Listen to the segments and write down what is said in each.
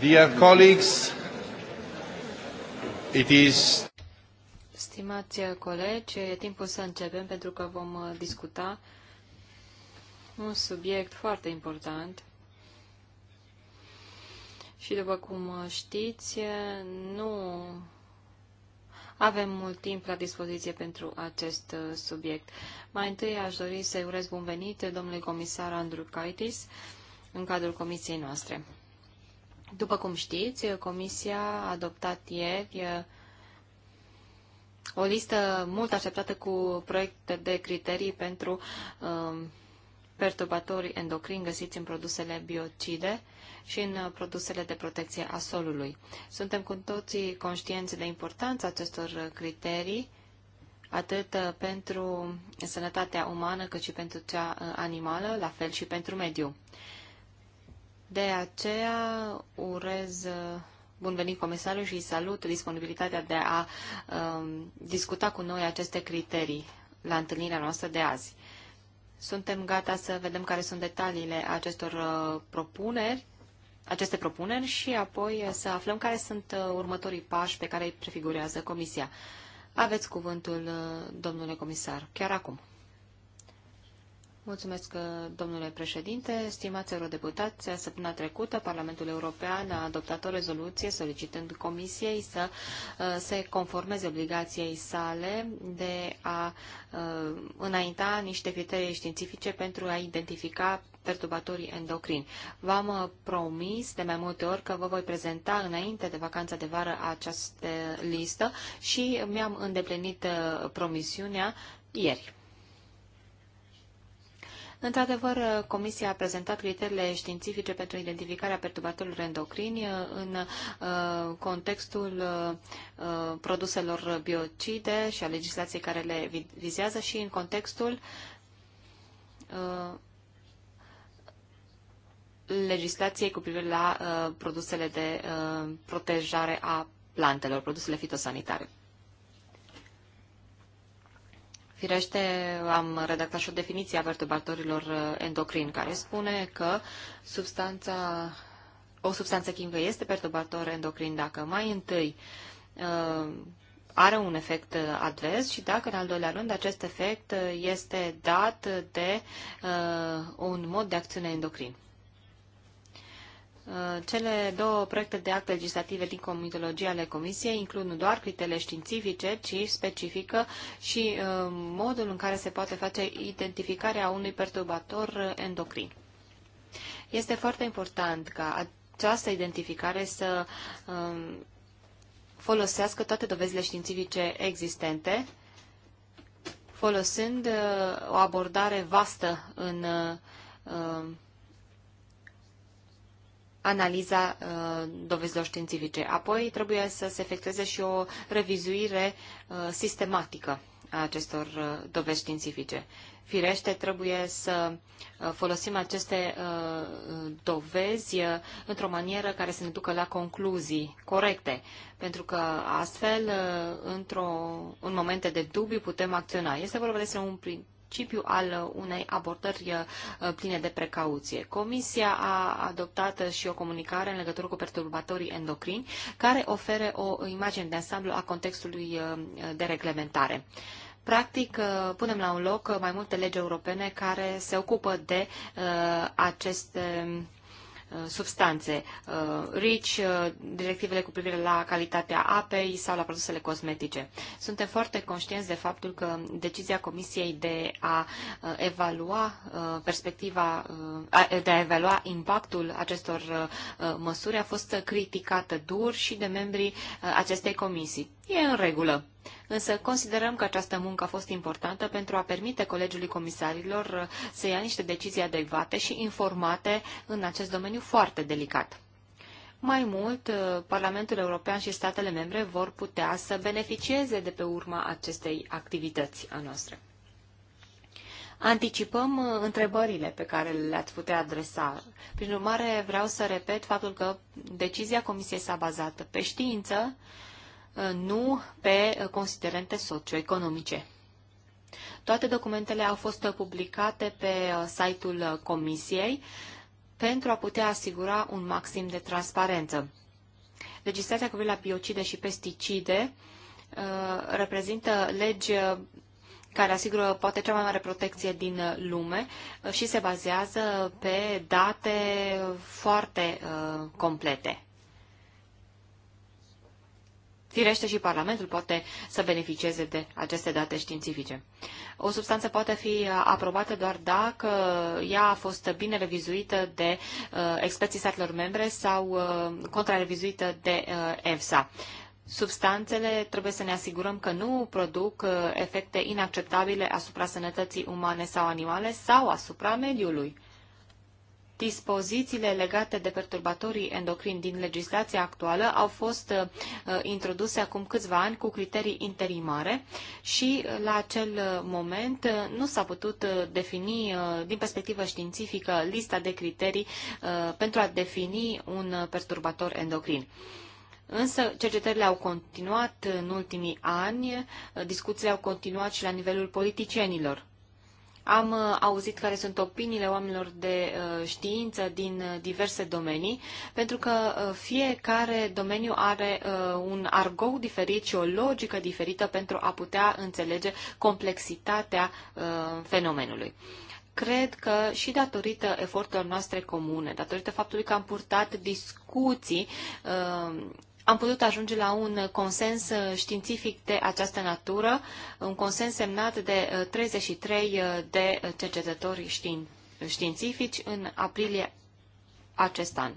Dear colleagues, it is... Stimați colegi, e timpul să începem pentru că vom uh, discuta un subiect foarte important. Și după cum uh, știți, nu avem mult timp la dispoziție pentru acest uh, subiect. Mai întâi aș dori să-i urez bun venit domnului comisar Andrew Kaitis în cadrul comisiei noastre. După cum știți, Comisia a adoptat ieri uh, o listă mult așteptată cu proiecte de criterii pentru um, perturbatori endocrini găsiți în produsele biocide și în uh, produsele de protecție a solului. Suntem cu toții conștienți de importanța acestor criterii, atât uh, pentru sănătatea umană cât și pentru cea animală, la fel și pentru mediu. De aceea urez uh, bun venit comisarul și salut disponibilitatea de a um, discuta cu noi aceste criterii la întâlnirea noastră de azi. Suntem gata să vedem care sunt detaliile acestor uh, propuneri, aceste propuneri și apoi să aflăm care sunt uh, următorii pași pe care îi prefigurează Comisia. Aveți cuvântul, uh, domnule comisar, chiar acum. Mulțumesc, uh, domnule președinte. Stimați eurodeputați, săptămâna trecută Parlamentul European a adoptat o rezoluție solicitând Comisiei să uh, se conformeze obligației sale de a uh, înainta niște criterii științifice pentru a identifica perturbatorii endocrini. V-am promis de mai multe ori că vă voi prezenta înainte de vacanța de vară această listă și mi-am îndeplinit promisiunea ieri. Într-adevăr, Comisia a prezentat criteriile științifice pentru identificarea perturbatorilor endocrini uh, în uh, contextul uh, produselor biocide și a legislației care le vizează și în contextul legislației cu privire la produsele de protejare a plantelor, produsele fitosanitare. Firește, am redactat și o definiție a perturbatorilor uh, endocrini care spune că substanța, o substanță chimică este perturbator endocrin dacă mai întâi uh, are un efect uh, advers și dacă, în al doilea rând, acest efect este dat de uh, un mod de acțiune endocrin. Uh, cele două proiecte de act legislative din comitologie ale Comisiei includ nu doar criteriile științifice, ci specifică și uh, modul în care se poate face identificarea unui perturbator endocrin. Este foarte important ca această identificare să um, folosească toate dovezile științifice existente, folosind uh, o abordare vastă în um, analiza uh, dovezilor științifice. Apoi trebuie să se efectueze și o revizuire uh, sistematică a acestor uh, dovezi științifice. Firește, trebuie să folosim aceste dovezi într-o manieră care să ne ducă la concluzii corecte, pentru că astfel, într-o, în momente de dubiu, putem acționa. Este vorba despre un principiu al uh, unei abordări uh, pline de precauție. Comisia a adoptat uh, și o comunicare în legătură cu perturbatorii endocrini, care ofere o imagine de ansamblu a contextului de reglementare. Practic, punem la un loc mai multe legi europene care se ocupă de aceste Uh, substanțe, uh, RICH, uh, directivele cu privire la calitatea apei sau la produsele cosmetice. Suntem foarte conștienți de faptul că decizia Comisiei de a evalua perspectiva, de a evalua impactul acestor măsuri a fost criticată dur și de membrii acestei comisii. E în regulă. Însă considerăm că această muncă a fost importantă pentru a permite Colegiului Comisarilor uh, să ia niște decizii adecvate și informate în acest domeniu foarte delicat. Mai mult, uh, Parlamentul European și statele membre vor putea să beneficieze de pe urma acestei activități a noastră. Anticipăm uh, întrebările pe care le-ați putea adresa. Prin urmare, vreau să repet faptul că decizia Comisiei s-a bazat pe știință, Uh, nu pe uh, considerente socioeconomice. Toate documentele au fost uh, publicate pe site-ul Comisiei pentru a putea asigura un maxim de transparență. Legislația cu la biocide și pesticide reprezintă legi care asigură poate cea mai mare protecție din lume și se bazează pe date foarte complete. Firește și Parlamentul poate să beneficieze de aceste date științifice. O substanță poate fi uh, aprobată doar dacă ea a fost bine revizuită de uh, experții statelor membre sau uh, contrarevizuită de uh, EFSA. Substanțele trebuie să ne asigurăm că nu produc uh, efecte inacceptabile asupra sănătății umane sau animale sau asupra mediului dispozițiile legate de perturbatorii endocrini din legislația actuală au fost uh, introduse acum câțiva ani cu criterii interimare și uh, la acel uh, moment nu s-a putut defini din perspectivă științifică lista de criterii pentru a defini un perturbator endocrin. Însă cercetările au continuat în ultimii ani, discuțiile au continuat și la nivelul politicienilor. Am uh, auzit care sunt opiniile oamenilor de uh, știință din uh, diverse domenii, pentru că fiecare domeniu are un argou diferit și o logică diferită pentru a putea înțelege complexitatea fenomenului cred că și datorită eforturilor noastre comune, datorită faptului că am purtat discuții am putut ajunge la un consens științific de această natură, un consens semnat de 33 uh, uh, de cercetători științifici în aprilie acest an.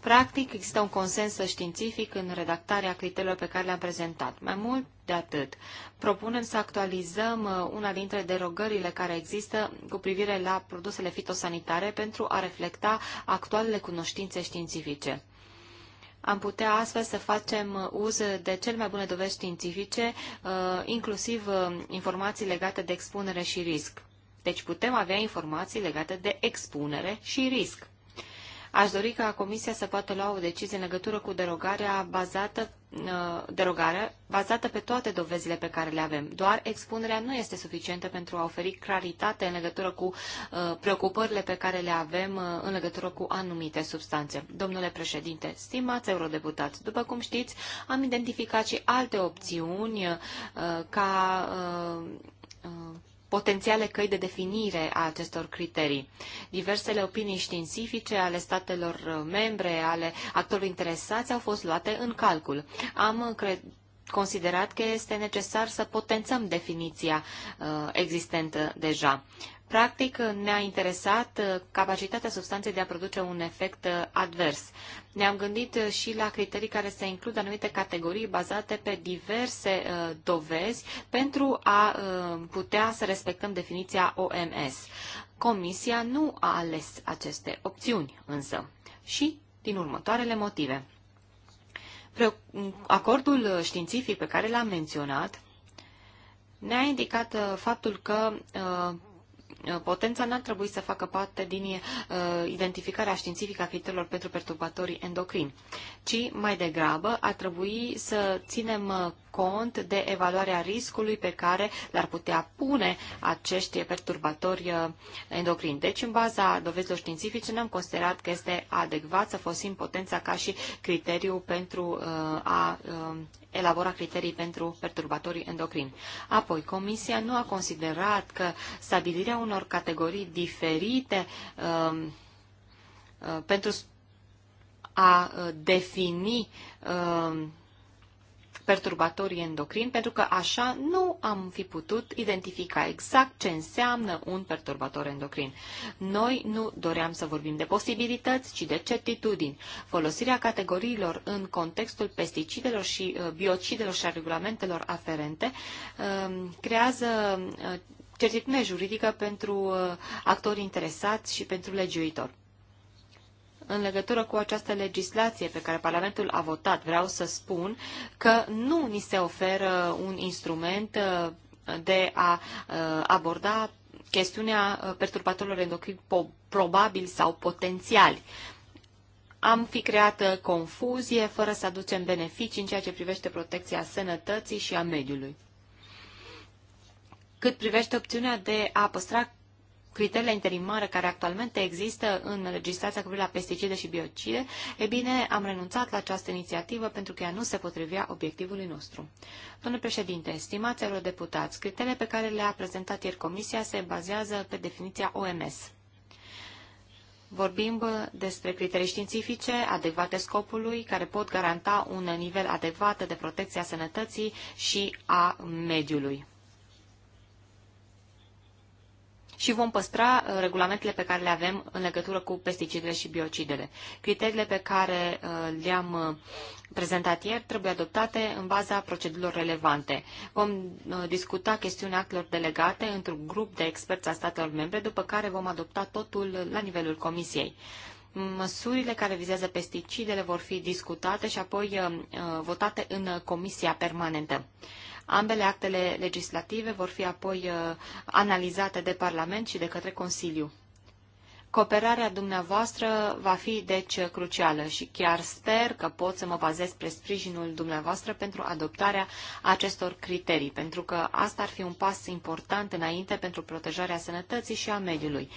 Practic, există un consens științific în redactarea criteriilor pe care le-am prezentat. Mai mult de atât, propunem să actualizăm uh, una dintre derogările care există cu privire la produsele fitosanitare pentru a reflecta actualele cunoștințe științifice. Am putea astfel să facem uz de cele mai bune dovești științifice, uh, inclusiv uh, informații legate de expunere și risc. Deci putem avea informații legate de expunere și risc. Aș dori ca Comisia să poată lua o decizie în legătură cu derogarea bazată Uh, derogare bazată pe toate dovezile pe care le avem. Doar expunerea nu este suficientă pentru a oferi claritate în legătură cu uh, preocupările pe care le avem uh, în legătură cu anumite substanțe. Domnule președinte, stimați eurodeputați, după cum știți, am identificat și alte opțiuni ca potențiale căi de definire a acestor criterii. Diversele opinii științifice ale statelor uh, membre, ale actorilor interesați au fost luate în calcul. Am uh, cred considerat că este necesar să potențăm definiția uh, existentă deja. Practic, ne-a interesat uh, capacitatea substanței de a produce un efect uh, advers. Ne-am gândit uh, și la criterii care să includă anumite categorii bazate pe diverse dovezi pentru a putea să respectăm definiția OMS. Comisia nu a ales aceste opțiuni, însă, și din următoarele motive. Mm, acordul științific pe care l-am menționat ne-a indicat faptul că Uh, potența n-ar trebui să facă parte din uh, identificarea științifică a criteriilor pentru perturbatorii endocrini, ci mai degrabă ar trebui să ținem uh, cont de evaluarea riscului pe care l-ar putea pune acești perturbatori uh, endocrini. Deci, în baza dovezilor științifice, ne-am considerat că este adecvat să folosim potența ca și criteriu pentru uh, a um, elabora criterii pentru perturbatorii endocrini. Apoi, Comisia nu a considerat că stabilirea unor categorii diferite uh, uh, pentru a uh, defini uh, perturbatorii endocrini, pentru că așa nu am fi putut identifica exact ce înseamnă un perturbator endocrin. Noi nu doream să vorbim de posibilități, ci de certitudini. Folosirea categoriilor în contextul pesticidelor și uh, biocidelor și a regulamentelor aferente um, creează uh, certitudine juridică pentru uh, actorii interesați și pentru legiuitori în legătură cu această legislație pe care Parlamentul a votat, vreau să spun că nu ni se oferă un instrument uh, de a uh, aborda chestiunea uh, perturbatorilor endocrini probabil sau potențiali. Am fi creat confuzie fără să aducem beneficii în ceea ce privește protecția sănătății și a mediului. Cât privește opțiunea de a păstra criteriile interimare care actualmente există în legislația privind la pesticide și biocide, e bine, am renunțat la această inițiativă pentru că ea nu se potrivea obiectivului nostru. Domnule președinte, stimați deputați, criteriile pe care le-a prezentat ieri Comisia se bazează pe definiția OMS. Vorbim despre criterii științifice adecvate scopului, care pot garanta un nivel adecvat de protecție a sănătății și a mediului. și vom păstra uh, regulamentele pe care le avem în legătură cu pesticidele și biocidele. Criteriile pe care uh, le-am uh, prezentat ieri trebuie adoptate în baza procedurilor relevante. Vom discuta chestiunea actelor delegate într-un grup de experți a statelor membre, după care vom adopta totul la nivelul Comisiei. Măsurile care vizează pesticidele vor fi discutate și apoi votate în Comisia Permanentă. Ambele actele legislative vor fi apoi uh, analizate de Parlament și de către Consiliu. Cooperarea dumneavoastră va fi, deci, crucială și chiar sper că pot să mă bazez pe sprijinul dumneavoastră pentru adoptarea acestor criterii, pentru că asta ar fi un pas important înainte pentru protejarea sănătății și a mediului.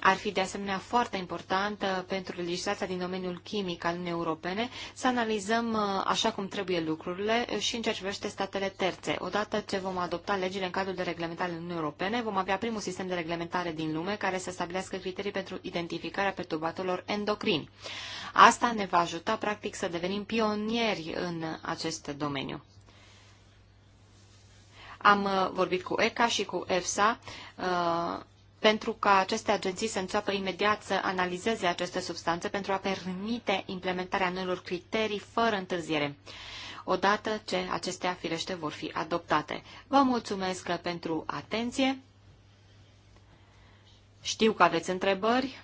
Ar fi de asemenea foarte important pentru legislația din domeniul chimic al Uniunii Europene să analizăm uh, așa cum trebuie lucrurile uh, și în ceea ce privește statele terțe. Odată ce vom adopta legile în cadrul de reglementare în Uniunii Europene, vom avea primul sistem de reglementare din lume care să stabilească criterii pentru identificarea perturbatorilor endocrini. Asta ne va ajuta practic să devenim pionieri în acest domeniu. Am uh, vorbit cu ECA și cu EFSA pentru ca aceste agenții să înceapă imediat să analizeze aceste substanțe pentru a permite implementarea noilor criterii fără întârziere odată ce acestea firește vor fi adoptate. Vă mulțumesc pentru atenție. Știu că aveți întrebări,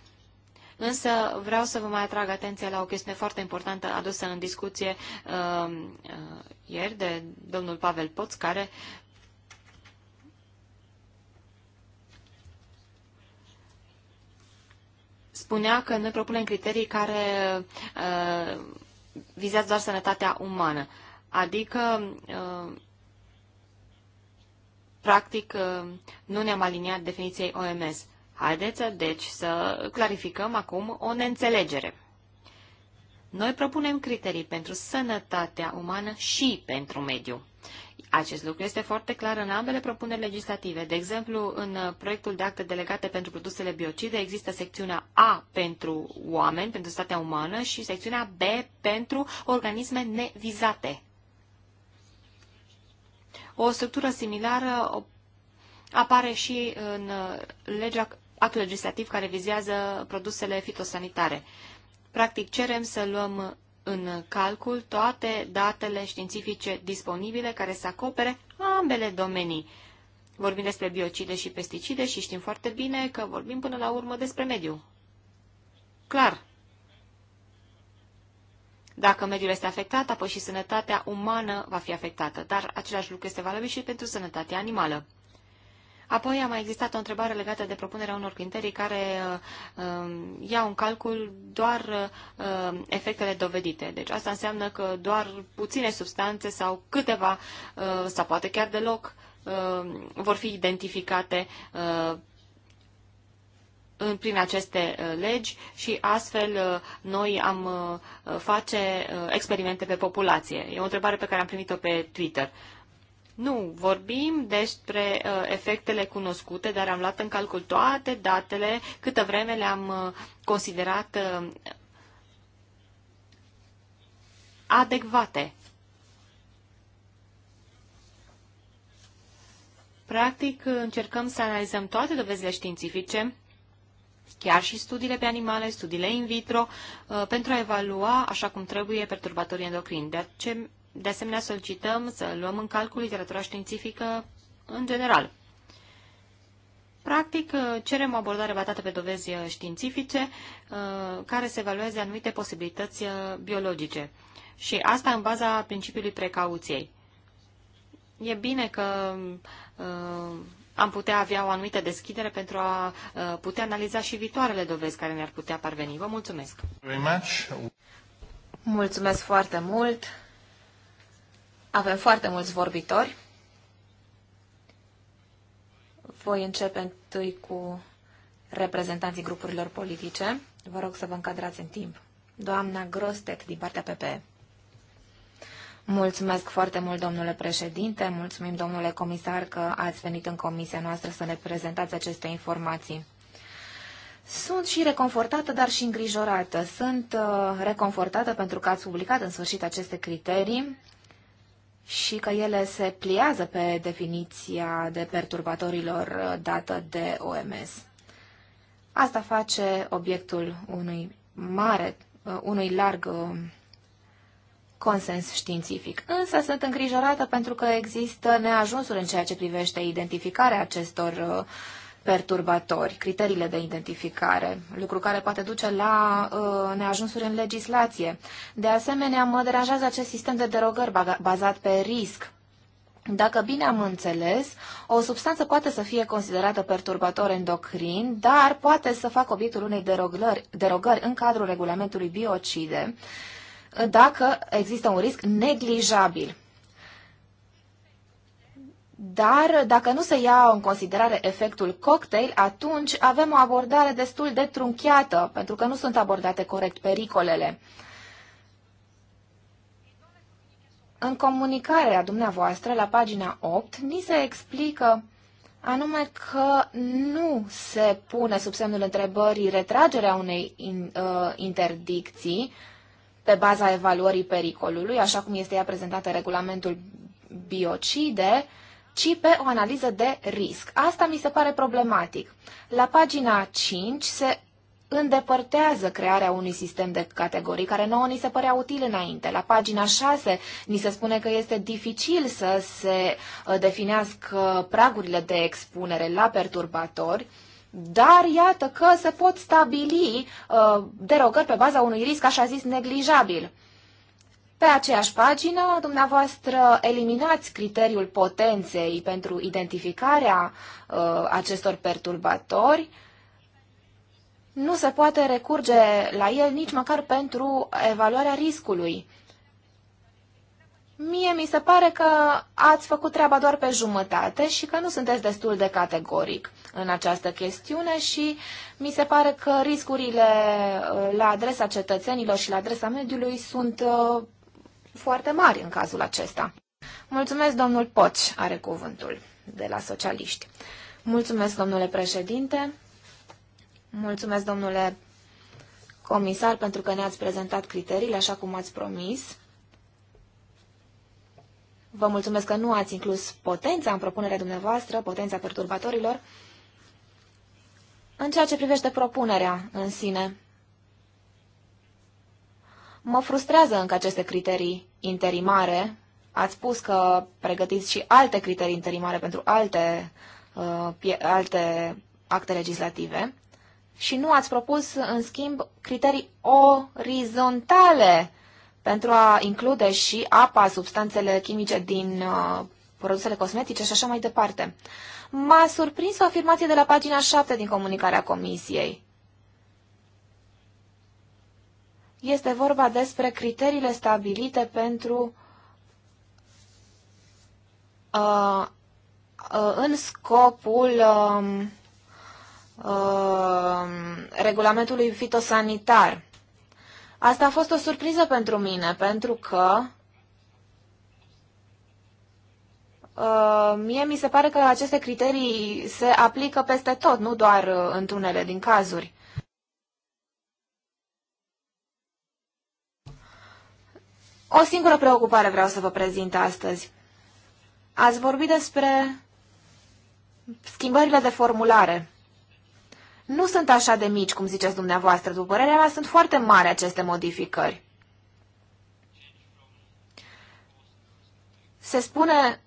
însă vreau să vă mai atrag atenția la o chestiune foarte importantă adusă în discuție uh, uh, ieri de domnul Pavel Poț, care spunea că noi propunem criterii care uh, vizează doar sănătatea umană, adică uh, practic uh, nu ne-am aliniat definiției OMS. Haideți, deci, să clarificăm acum o neînțelegere. Noi propunem criterii pentru sănătatea umană și pentru mediu. Acest lucru este foarte clar în ambele propuneri legislative. De exemplu, în proiectul de acte delegate pentru produsele biocide există secțiunea A pentru oameni, pentru statea umană, și secțiunea B pentru organisme nevizate. O structură similară apare și în legea act legislativ care vizează produsele fitosanitare. Practic, cerem să luăm în calcul toate datele științifice disponibile care să acopere ambele domenii. Vorbim despre biocide și pesticide și știm foarte bine că vorbim până la urmă despre mediu. Clar. Dacă mediul este afectat, apoi și sănătatea umană va fi afectată, dar același lucru este valabil și pentru sănătatea animală. Apoi a mai existat o întrebare legată de propunerea unor criterii care uh, um, iau în calcul doar uh, efectele dovedite. Deci asta înseamnă că doar puține substanțe sau câteva, uh, sau poate chiar deloc, uh, vor fi identificate uh, în, prin aceste uh, legi și astfel uh, noi am uh, face experimente pe populație. E o întrebare pe care am primit-o pe Twitter. Nu, vorbim despre uh, efectele cunoscute, dar am luat în calcul toate datele, câtă vreme le-am uh, considerat uh, adecvate. Practic, încercăm să analizăm toate dovezile științifice, chiar și studiile pe animale, studiile in vitro, uh, pentru a evalua așa cum trebuie perturbatorii endocrini. De, de asemenea, solicităm să luăm în calcul literatura științifică în general. Practic, cerem o abordare bazată pe dovezi științifice uh, care se evalueze anumite posibilități uh, biologice. Și asta în baza principiului precauției. E bine că uh, am putea avea o anumită deschidere pentru a putea analiza și viitoarele dovezi care ne-ar putea parveni. Vă mulțumesc! Mulțumesc foarte mult! Avem foarte mulți vorbitori. Voi începe întâi cu reprezentanții grupurilor politice. Vă rog să vă încadrați în timp. Doamna Grostet, din partea PPE. Mulțumesc foarte mult, domnule președinte, mulțumim, domnule comisar, că ați venit în comisia noastră să ne prezentați aceste informații. Sunt și reconfortată, dar și îngrijorată. Sunt uh, reconfortată pentru că ați publicat în sfârșit aceste criterii și că ele se pliază pe definiția de perturbatorilor uh, dată de OMS. Asta face obiectul unui mare, uh, unui larg uh, consens științific. Însă sunt îngrijorată pentru că există neajunsuri în ceea ce privește identificarea acestor uh, perturbatori, criteriile de identificare, lucru care poate duce la uh, neajunsuri în legislație. De asemenea, mă deranjează acest sistem de derogări bazat pe risc. Dacă bine am înțeles, o substanță poate să fie considerată perturbator endocrin, dar poate să facă obiectul unei derogări, derogări în cadrul regulamentului biocide dacă există un risc neglijabil. Dar dacă nu se ia în considerare efectul cocktail, atunci avem o abordare destul de trunchiată, pentru că nu sunt abordate corect pericolele. În comunicarea dumneavoastră, la pagina 8, ni se explică anume că nu se pune sub semnul întrebării retragerea unei uh, interdicții pe baza evaluării pericolului, așa cum este ea prezentată în regulamentul biocide, ci pe o analiză de risc. Asta mi se pare problematic. La pagina 5 se îndepărtează crearea unui sistem de categorii care nouă ni se părea util înainte. La pagina 6 ni se spune că este dificil să se uh, definească pragurile de expunere la perturbatori, dar iată că se pot stabili uh, derogări pe baza unui risc, așa zis, neglijabil. Pe aceeași pagină, dumneavoastră eliminați criteriul potenței pentru identificarea uh, acestor perturbatori. Nu se poate recurge la el nici măcar pentru evaluarea riscului. Mie mi se pare că ați făcut treaba doar pe jumătate și că nu sunteți destul de categoric în această chestiune și mi se pare că riscurile uh, la adresa cetățenilor și la adresa mediului sunt uh, foarte mari în cazul acesta. Mulțumesc, domnul Poci are cuvântul de la socialiști. Mulțumesc, domnule președinte. Mulțumesc, domnule comisar, pentru că ne-ați prezentat criteriile așa cum ați promis. Vă mulțumesc că nu ați inclus potența în propunerea dumneavoastră, potența perturbatorilor. În ceea ce privește propunerea în sine, Mă frustrează încă aceste criterii interimare. Ați spus că pregătiți și alte criterii interimare pentru alte, uh, alte acte legislative și nu ați propus, în schimb, criterii orizontale pentru a include și apa, substanțele chimice din uh, produsele cosmetice și așa mai departe. M-a surprins o afirmație de la pagina 7 din comunicarea Comisiei. Este vorba despre criteriile stabilite pentru uh, uh, în scopul uh, uh, regulamentului fitosanitar. Asta a fost o surpriză pentru mine, pentru că Uh, mie mi se pare că aceste criterii se aplică peste tot, nu doar uh, în unele din cazuri. O singură preocupare vreau să vă prezint astăzi. Ați vorbit despre schimbările de formulare. Nu sunt așa de mici, cum ziceți dumneavoastră, după părerea mea, sunt foarte mari aceste modificări. Se spune,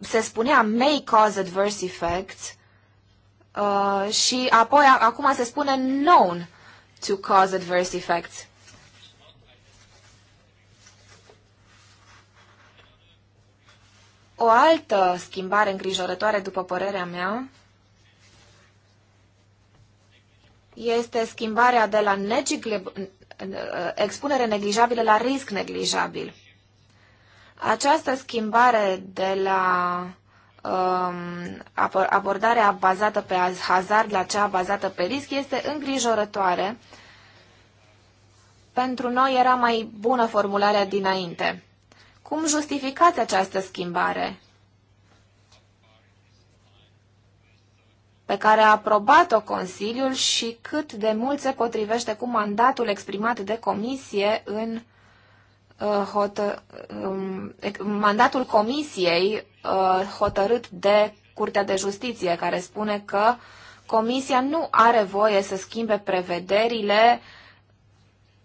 se spunea may cause adverse effects uh, și apoi acum se spune known to cause adverse effects. O altă schimbare îngrijorătoare, după părerea mea, este schimbarea de la uh, expunere neglijabilă la risc neglijabil. Această schimbare de la um, abordarea bazată pe hazard la cea bazată pe risc este îngrijorătoare. Pentru noi era mai bună formularea dinainte. Cum justificați această schimbare pe care a aprobat-o Consiliul și cât de mult se potrivește cu mandatul exprimat de Comisie în uh, hotă, um, mandatul Comisiei uh, hotărât de Curtea de Justiție, care spune că Comisia nu are voie să schimbe prevederile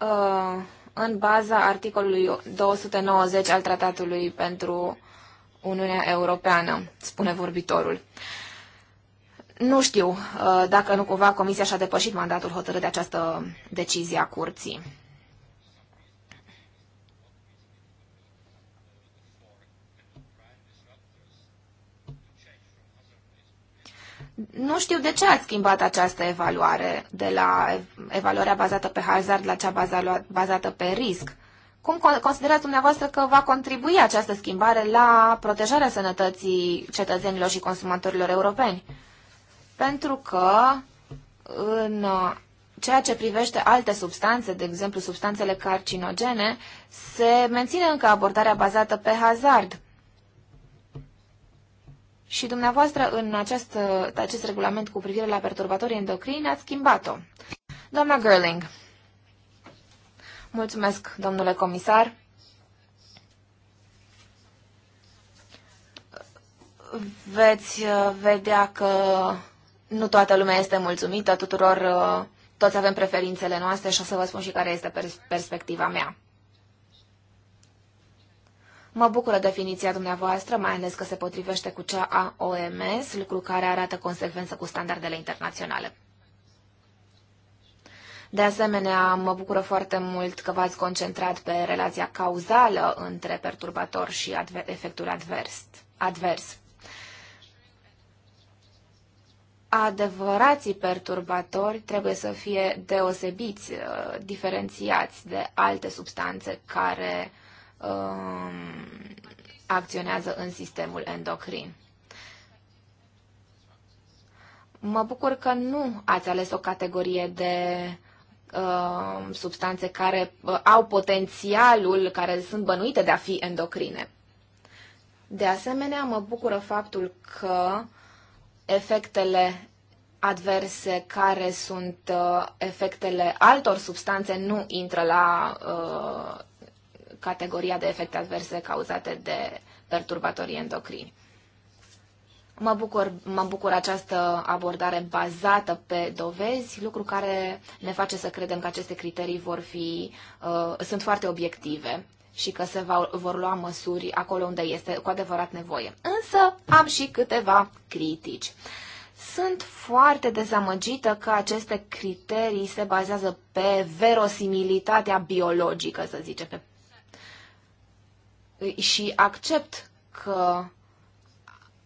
uh, în baza articolului 290 al Tratatului pentru Uniunea Europeană, spune vorbitorul. Nu știu uh, dacă nu cumva Comisia și-a depășit mandatul hotărât de această decizie a curții. Nu știu de ce ați schimbat această evaluare de la evaluarea bazată pe hazard la cea bazată pe risc. Cum considerați dumneavoastră că va contribui această schimbare la protejarea sănătății cetățenilor și consumatorilor europeni? Pentru că în uh, ceea ce privește alte substanțe, de exemplu substanțele carcinogene, se menține încă abordarea bazată pe hazard. Și dumneavoastră, în acest, acest regulament cu privire la perturbatorii endocrini, ați schimbat-o. Doamna Gerling. Mulțumesc, domnule comisar. Veți uh, vedea că nu toată lumea este mulțumită, tuturor, uh, toți avem preferințele noastre și o să vă spun și care este pers- perspectiva mea. Mă bucură definiția dumneavoastră, mai ales că se potrivește cu cea a OMS, lucru care arată consecvență cu standardele internaționale. De asemenea, mă bucură foarte mult că v-ați concentrat pe relația cauzală între perturbator și adver efectul advers. advers. Adevărații perturbatori trebuie să fie deosebiți, uh, diferențiați de alte substanțe care uh, uh, acționează în sistemul endocrin. Mă bucur că nu ați ales o categorie de uh, substanțe care uh, au potențialul, care sunt bănuite de a fi endocrine. De asemenea, mă bucură faptul că efectele adverse care sunt uh, efectele altor substanțe nu intră la uh, categoria de efecte adverse cauzate de perturbatorii endocrini. Mă bucur, mă bucur această abordare bazată pe dovezi, lucru care ne face să credem că aceste criterii vor fi, uh, sunt foarte obiective și că se va, vor lua măsuri acolo unde este cu adevărat nevoie. Însă am și câteva critici. Sunt foarte dezamăgită că aceste criterii se bazează pe verosimilitatea biologică, să zicem, pe și accept că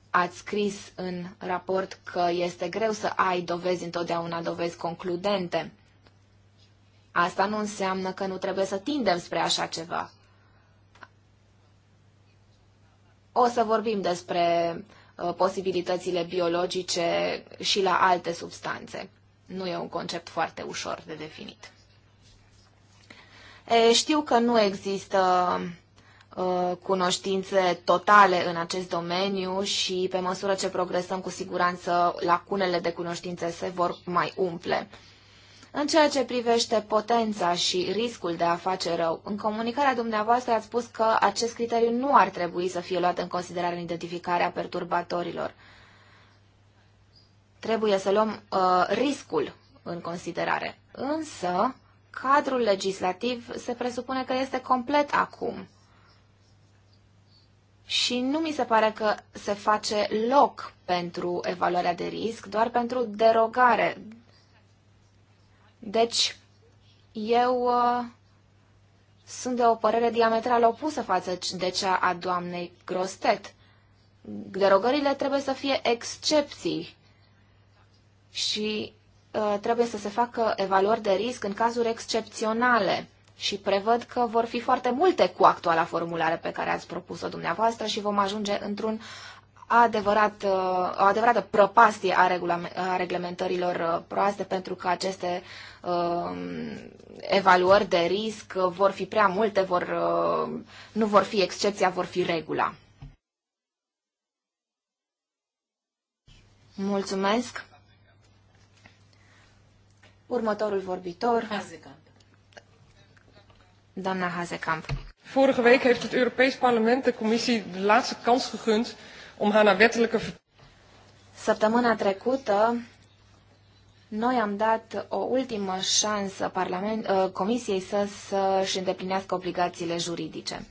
ați scris în raport că este greu să ai dovezi întotdeauna, dovezi concludente. Asta nu înseamnă că nu trebuie să tindem spre așa ceva. O să vorbim despre uh, posibilitățile biologice și la alte substanțe. Nu e un concept foarte ușor de definit. E, știu că nu există Uh, cunoștințe totale în acest domeniu și pe măsură ce progresăm cu siguranță lacunele de cunoștințe se vor mai umple. În ceea ce privește potența și riscul de a face rău, în comunicarea dumneavoastră ați spus că acest criteriu nu ar trebui să fie luat în considerare în identificarea perturbatorilor. Trebuie să luăm uh, riscul în considerare. Însă, cadrul legislativ se presupune că este complet acum și nu mi se pare că se face loc pentru evaluarea de risc, doar pentru derogare. Deci, eu uh, sunt de o părere diametral opusă față de cea a doamnei Grostet. Derogările trebuie să fie excepții și uh, trebuie să se facă evaluări de risc în cazuri excepționale și prevăd că vor fi foarte multe cu actuala formulare pe care ați propus-o dumneavoastră și vom ajunge într-un adevărat, uh, o adevărată prăpastie a, a reglementărilor uh, proaste pentru că aceste uh, evaluări de risc uh, vor fi prea multe, vor, uh, nu vor fi excepția, vor fi regula. Mulțumesc. Următorul vorbitor. Hazekamp. Dana Hazekamp. Vorige week heeft het Europees Parlement de Commissie de laatste kans gegund om haar naar wettelijke... Săptămâna trecută, noi am dat o ultimă șansă parlament, uh, Comisiei să, își îndeplinească obligațiile juridice.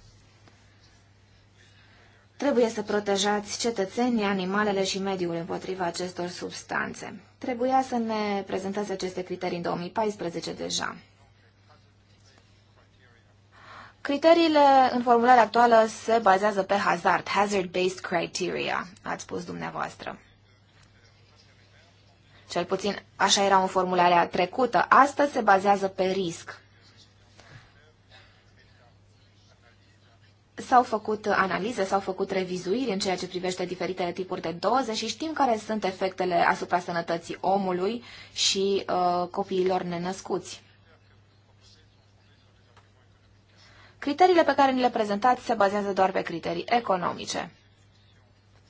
Trebuie să protejați cetățenii, animalele și mediul împotriva acestor substanțe. Trebuia să ne prezentați aceste criterii în 2014 deja. Criteriile în formularea actuală se bazează pe hazard, hazard-based criteria, ați spus dumneavoastră. Cel puțin așa era în formularea trecută. Astăzi se bazează pe risc. S-au făcut analize, s-au făcut revizuiri în ceea ce privește diferitele tipuri de doze și știm care sunt efectele asupra sănătății omului și uh, copiilor nenăscuți. Criteriile pe care ni le prezentați se bazează doar pe criterii economice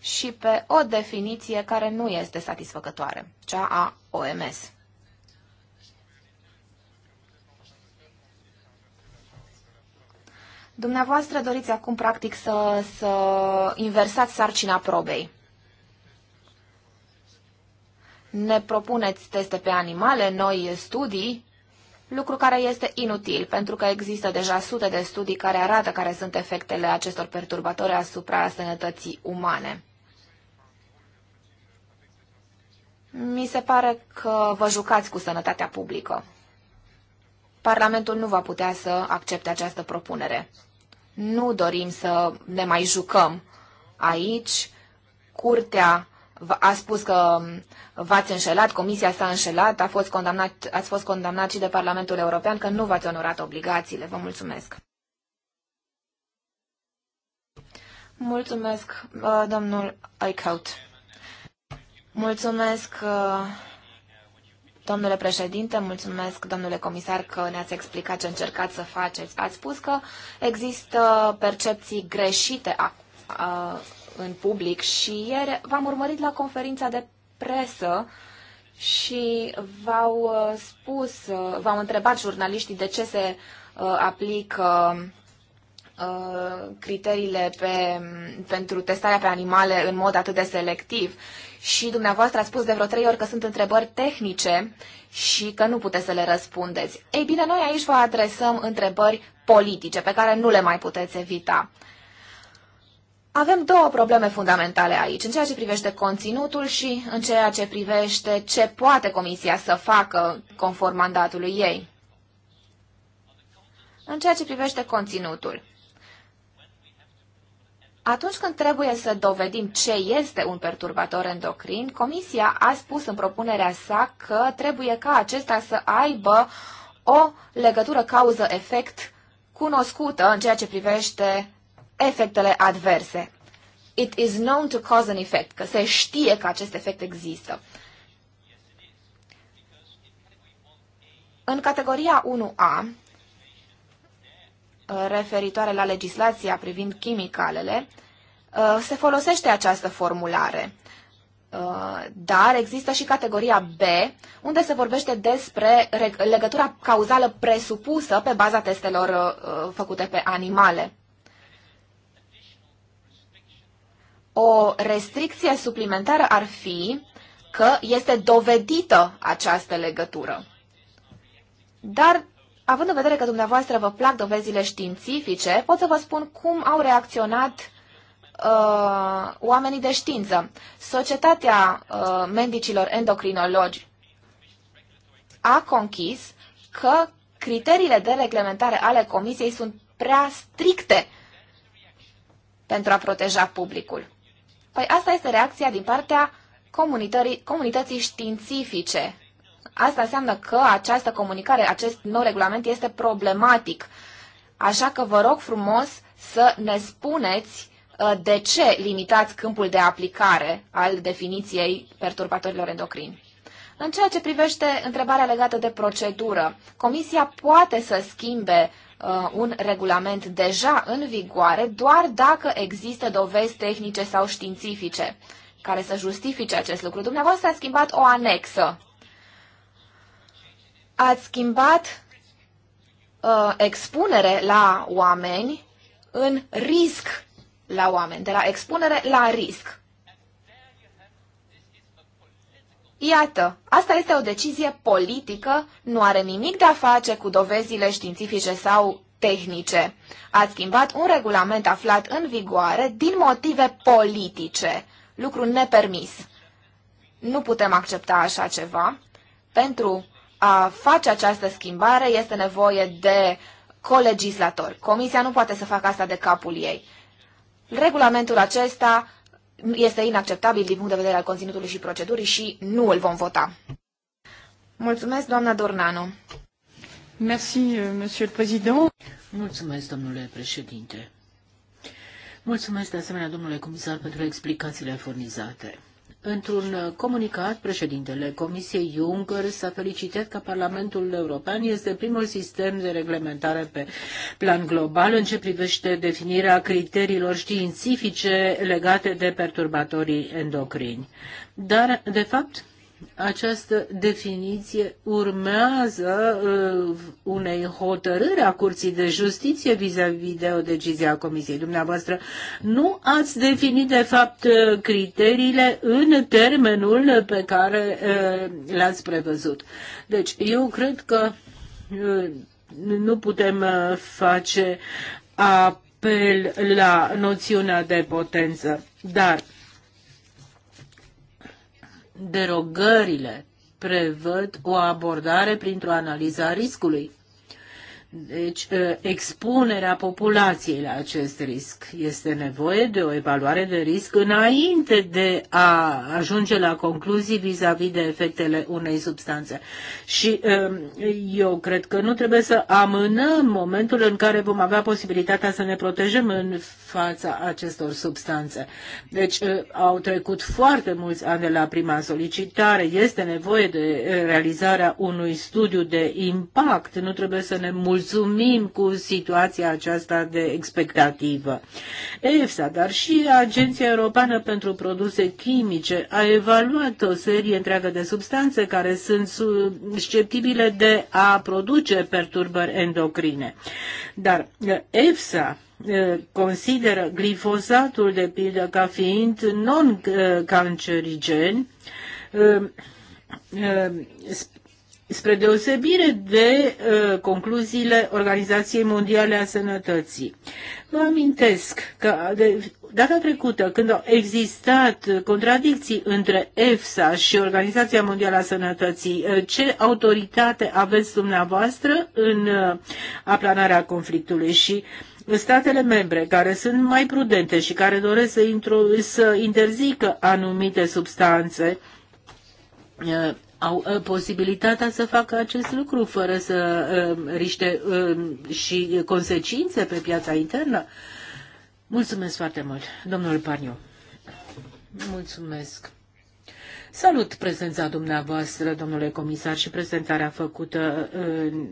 și pe o definiție care nu este satisfăcătoare, cea a OMS. Dumneavoastră doriți acum, practic, să, să inversați sarcina probei. Ne propuneți teste pe animale, noi studii, lucru care este inutil, pentru că există deja sute de studii care arată care sunt efectele acestor perturbatori asupra sănătății umane. Mi se pare că vă jucați cu sănătatea publică. Parlamentul nu va putea să accepte această propunere. Nu dorim să ne mai jucăm aici. Curtea a spus că um, v-ați înșelat, comisia s-a înșelat, a fost condamnat, ați fost condamnat și de Parlamentul European că nu v-ați onorat obligațiile. Vă mulțumesc. Mulțumesc, uh, domnul Eichhout. Mulțumesc, uh, domnule președinte, mulțumesc, domnule comisar, că ne-ați explicat ce încercați să faceți. Ați spus că există percepții greșite a, a, în public și ieri v-am urmărit la conferința de presă și v-au uh, spus, uh, v-au întrebat jurnaliștii de ce se uh, aplică criteriile pe, pentru testarea pe animale în mod atât de selectiv. Și dumneavoastră a spus de vreo trei ori că sunt întrebări tehnice și că nu puteți să le răspundeți. Ei bine, noi aici vă adresăm întrebări politice pe care nu le mai puteți evita. Avem două probleme fundamentale aici, în ceea ce privește conținutul și în ceea ce privește ce poate Comisia să facă conform mandatului ei. În ceea ce privește conținutul, atunci când trebuie să dovedim ce este un perturbator endocrin, Comisia a spus în propunerea sa că trebuie ca acesta să aibă o legătură cauză-efect cunoscută în ceea ce privește efectele adverse. It is known to cause an effect, că se știe că acest efect există. În categoria 1A, referitoare la legislația privind chimicalele, uh, se folosește această formulare. Uh, dar există și categoria B, unde se vorbește despre legătura cauzală presupusă pe baza testelor uh, făcute pe animale. O restricție suplimentară ar fi că este dovedită această legătură. Dar, având în vedere că dumneavoastră vă plac dovezile științifice, pot să vă spun cum au reacționat uh, oamenii de știință. Societatea uh, medicilor Endocrinologi a conchis că criteriile de reglementare ale Comisiei sunt prea stricte pentru a proteja publicul. Păi asta este reacția din partea comunității științifice. Asta înseamnă că această comunicare, acest nou regulament este problematic. Așa că vă rog frumos să ne spuneți uh, de ce limitați câmpul de aplicare al definiției perturbatorilor endocrini. În ceea ce privește întrebarea legată de procedură, Comisia poate să schimbe uh, un regulament deja în vigoare doar dacă există dovezi tehnice sau științifice care să justifice acest lucru. Dumneavoastră ați schimbat o anexă. Ați schimbat uh, expunere la oameni în risc la oameni, de la expunere la risc. Iată, asta este o decizie politică, nu are nimic de a face cu dovezile științifice sau tehnice. A schimbat un regulament aflat în vigoare din motive politice, lucru nepermis. Nu putem accepta așa ceva. Pentru a face această schimbare este nevoie de colegislator. Comisia nu poate să facă asta de capul ei. Regulamentul acesta este inacceptabil din punct de vedere al conținutului și procedurii și nu îl vom vota. Mulțumesc, doamna Dornano. Merci, euh, monsieur le président. Mulțumesc, domnule președinte. Mulțumesc de asemenea, domnule comisar, pentru explicațiile furnizate. Într-un comunicat, președintele Comisiei Juncker s-a felicitat că Parlamentul European este primul sistem de reglementare pe plan global în ce privește definirea criteriilor științifice legate de perturbatorii endocrini. Dar, de fapt, această definiție urmează uh, unei hotărâri a Curții de Justiție vis-a-vis -vis de o decizie a Comisiei. Dumneavoastră nu ați definit, de fapt, uh, criteriile în termenul pe care uh, le-ați prevăzut. Deci, eu cred că uh, nu putem uh, face apel la noțiunea de potență, dar derogările prevăd o abordare printr-o analiză a riscului. Deci, ă, expunerea populației la acest risc. Este nevoie de o evaluare de risc înainte de a ajunge la concluzii vis-a-vis -vis de efectele unei substanțe. Și ă, eu cred că nu trebuie să amânăm momentul în care vom avea posibilitatea să ne protejăm în fața acestor substanțe. Deci, ă, au trecut foarte mulți ani de la prima solicitare. Este nevoie de realizarea unui studiu de impact. Nu trebuie să ne mulțumim mulțumim cu situația aceasta de expectativă. EFSA, dar și Agenția Europeană pentru Produse Chimice a evaluat o serie întreagă de substanțe care sunt susceptibile de a produce perturbări endocrine. Dar uh, EFSA uh, consideră glifosatul de pildă ca fiind non-cancerigen uh, spre deosebire de uh, concluziile Organizației Mondiale a Sănătății. Vă amintesc că de data trecută, când au existat contradicții între EFSA și Organizația Mondială a Sănătății, uh, ce autoritate aveți dumneavoastră în uh, aplanarea conflictului și statele membre care sunt mai prudente și care doresc să, intro, să interzică anumite substanțe, uh, au ă, posibilitatea să facă acest lucru fără să ă, riște ă, și consecințe pe piața internă. Mulțumesc foarte mult, domnul Parniu. Mulțumesc. Salut prezența dumneavoastră, domnule comisar, și prezentarea făcută în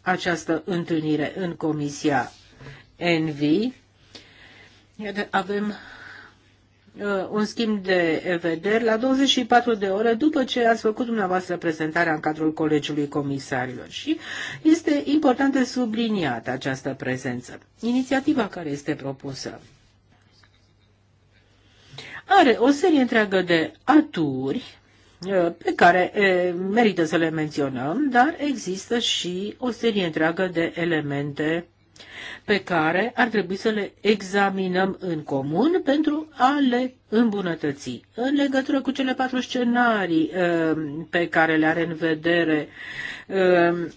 această întâlnire în Comisia Envi. Avem Uh, un schimb de vederi la 24 de ore după ce ați făcut dumneavoastră prezentarea în cadrul Colegiului Comisarilor. Și este important de subliniat această prezență. Inițiativa care este propusă are o serie întreagă de aturi uh, pe care uh, merită să le menționăm, dar există și o serie întreagă de elemente pe care ar trebui să le examinăm în comun pentru a le îmbunătăți. În legătură cu cele patru scenarii ehm, pe care le are în vedere ehm,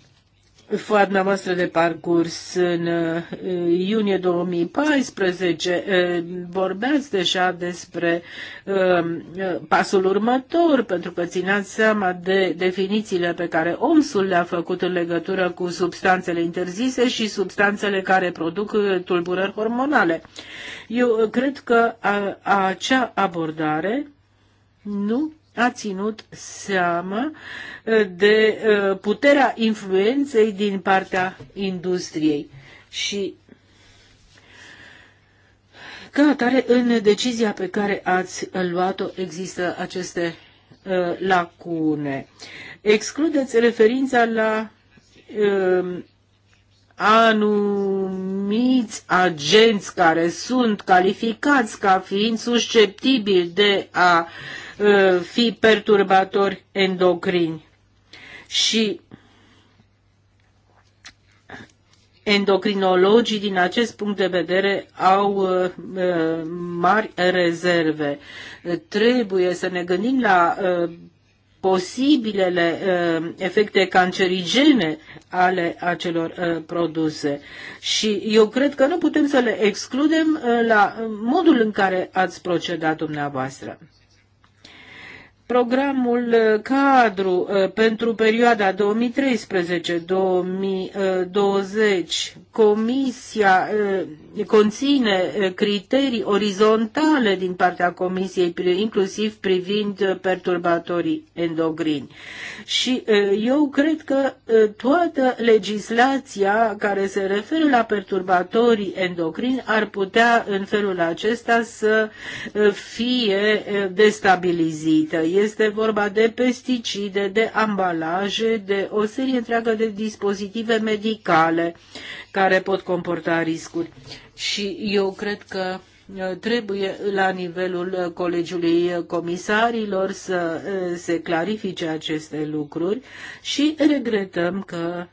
foaia dumneavoastră de parcurs în eh, iunie 2014 eh, vorbeați deja despre eh, pasul următor, pentru că țineați seama de definițiile pe care OMS-ul le-a făcut în legătură cu substanțele interzise și substanțele care produc tulburări hormonale. Eu cred că acea abordare nu a ținut seamă uh, de uh, puterea influenței din partea industriei și ca atare, în decizia pe care ați luat-o există aceste uh, lacune. Excludeți referința la uh, anumiți agenți care sunt calificați ca fiind susceptibili de a uh, Uh, fi perturbatori endocrini. Și endocrinologii din acest punct de vedere au uh, uh, mari rezerve. Trebuie să ne gândim la posibilele efecte cancerigene ale acelor produse. Și eu cred că nu putem să le excludem la modul în care ați procedat dumneavoastră programul uh, cadru uh, pentru perioada 2013-2020, uh, Comisia conține criterii orizontale din partea Comisiei, inclusiv privind perturbatorii endocrini. Și eu cred că toată legislația care se referă la perturbatorii endocrini ar putea în felul acesta să fie destabilizită este vorba de pesticide, de ambalaje, de o serie întreagă de dispozitive medicale care pot comporta riscuri. Și eu cred că uh, trebuie la nivelul uh, Colegiului Comisarilor să uh, se clarifice aceste lucruri și regretăm că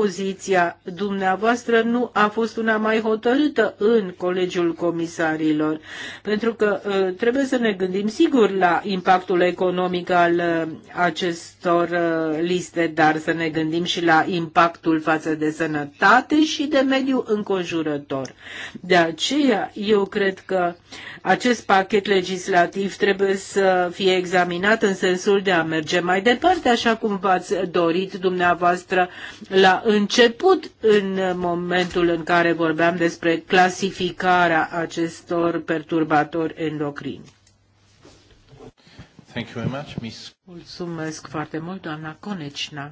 poziția dumneavoastră nu a fost una mai hotărâtă în Colegiul Comisarilor, pentru că uh, trebuie să ne gândim sigur la impactul economic al uh, acestor uh, liste, dar să ne gândim și la impactul față de sănătate și de mediu înconjurător. De aceea, eu cred că uh, acest pachet legislativ trebuie să fie examinat în sensul de a merge mai departe, așa cum v-ați dorit dumneavoastră la început, în momentul în care vorbeam despre clasificarea acestor perturbatori endocrini. Thank you very much, Miss. Mulțumesc foarte mult, doamna Conecina.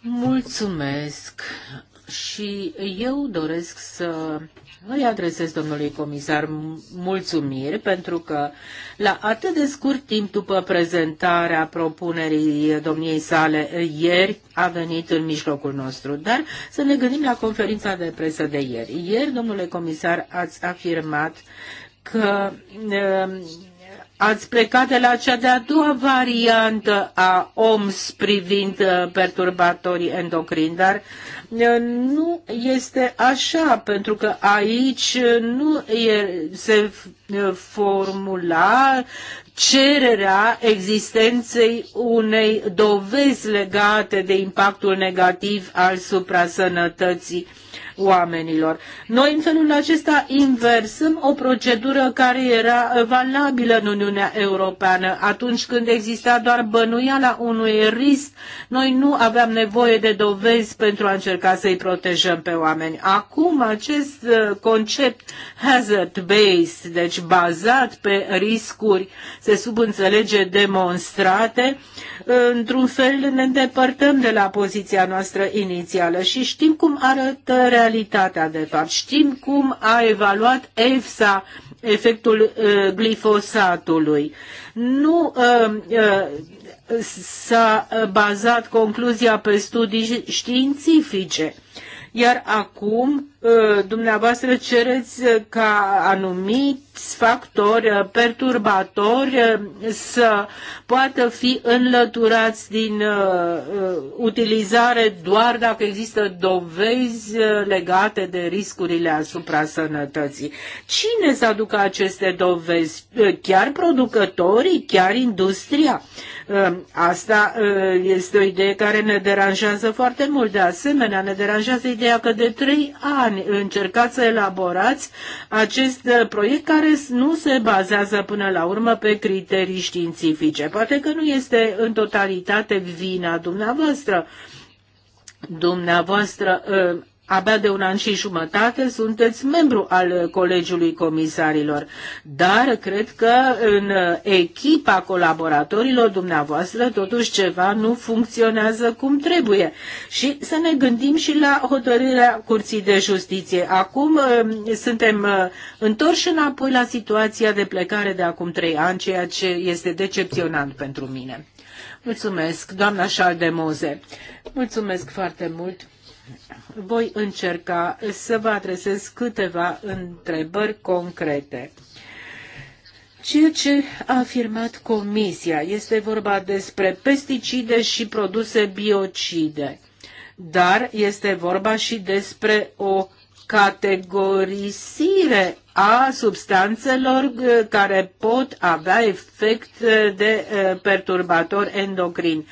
Mulțumesc și eu doresc să îi adresez domnului comisar mulțumiri pentru că la atât de scurt timp după prezentarea propunerii domniei sale ieri a venit în mijlocul nostru. Dar să ne gândim la conferința de presă de ieri. Ieri, domnule comisar, ați afirmat că ați plecat de la cea de-a doua variantă a OMS privind uh, perturbatorii endocrini, dar uh, nu este așa, pentru că aici uh, nu e, se formula cererea existenței unei dovezi legate de impactul negativ al suprasănătății uh, oamenilor. Noi în felul acesta inversăm o procedură care era valabilă în Uniunea Europeană. Atunci când exista doar bănuiala unui risc, noi nu aveam nevoie de dovezi pentru a încerca să-i protejăm pe oameni. Acum acest uh, concept hazard-based, deci bazat pe riscuri, se subînțelege demonstrate, într-un fel ne îndepărtăm de la poziția noastră inițială și știm cum arată realitatea, de fapt. Știm cum a evaluat EFSA efectul uh, glifosatului. Nu uh, uh, s-a bazat concluzia pe studii științifice. Iar acum Uh, dumneavoastră cereți uh, ca anumiți factori uh, perturbatori să poată fi înlăturați din utilizare doar dacă există dovezi legate de riscurile asupra sănătății. Cine să aducă aceste dovezi? Chiar producătorii? Chiar industria? Asta este o idee care ne deranjează foarte mult. De asemenea, ne deranjează ideea că de trei ani ani încercați să elaborați acest uh, proiect care nu se bazează până la urmă pe criterii științifice. Poate că nu este în totalitate vina dumneavoastră. Dumneavoastră uh, abia de un an și jumătate sunteți membru al Colegiului Comisarilor, dar cred că în echipa colaboratorilor dumneavoastră totuși ceva nu funcționează cum trebuie. Și să ne gândim și la hotărârea Curții de Justiție. Acum um, suntem uh, întorși înapoi la situația de plecare de acum trei ani, ceea ce este decepționant pentru mine. Mulțumesc, doamna Șaldemoze. Mulțumesc foarte mult voi încerca să vă adresez câteva întrebări concrete. Ceea ce a afirmat Comisia este vorba despre pesticide și produse biocide, dar este vorba și despre o categorisire a substanțelor uh, care pot avea efect uh, de uh, perturbator endocrin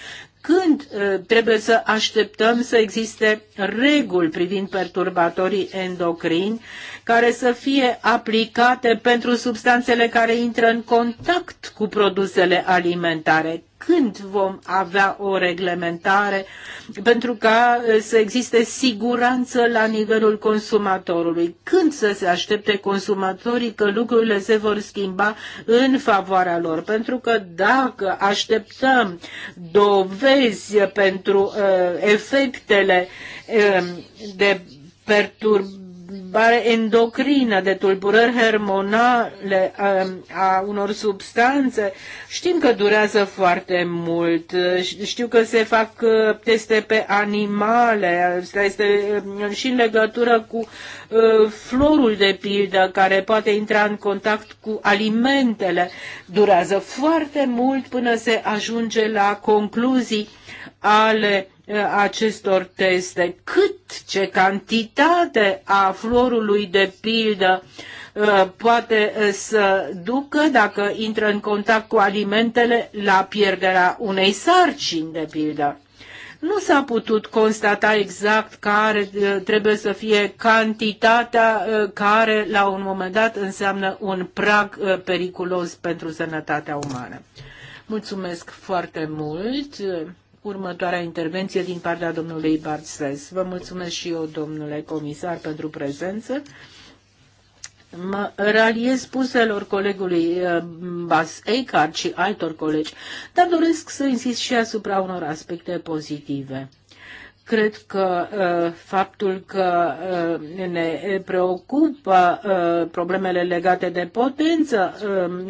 când ă, trebuie să așteptăm să existe reguli privind perturbatorii endocrini care să fie aplicate pentru substanțele care intră în contact cu produsele alimentare. Când vom avea o reglementare pentru ca să existe siguranță la nivelul consumatorului? Când să se aștepte consumatorii că lucrurile se vor schimba în favoarea lor? Pentru că dacă așteptăm dovezi pentru uh, efectele uh, de perturbare, pare endocrină, de tulburări hormonale um, a unor substanțe. Știm că durează foarte mult, știu că se fac uh, teste pe animale, asta este um, și în legătură cu uh, florul de pildă care poate intra în contact cu alimentele. Durează foarte mult până se ajunge la concluzii ale Eh, acestor teste, cât ce cantitate a florului de pildă eh, poate eh, să ducă, dacă intră în contact cu alimentele, la pierderea unei sarcini, de pildă. Nu s-a putut constata exact care trebuie să fie cantitatea care la un moment dat înseamnă un prag periculos pentru sănătatea umană. Mulțumesc foarte mult! următoarea intervenție din partea domnului Barțes. Vă mulțumesc și eu, domnule comisar, pentru prezență. Mă raliez spuselor colegului eh, Bas Eichard și altor colegi, dar doresc să insist și asupra unor aspecte pozitive. Cred că uh, faptul că uh, ne preocupă uh, problemele legate de potență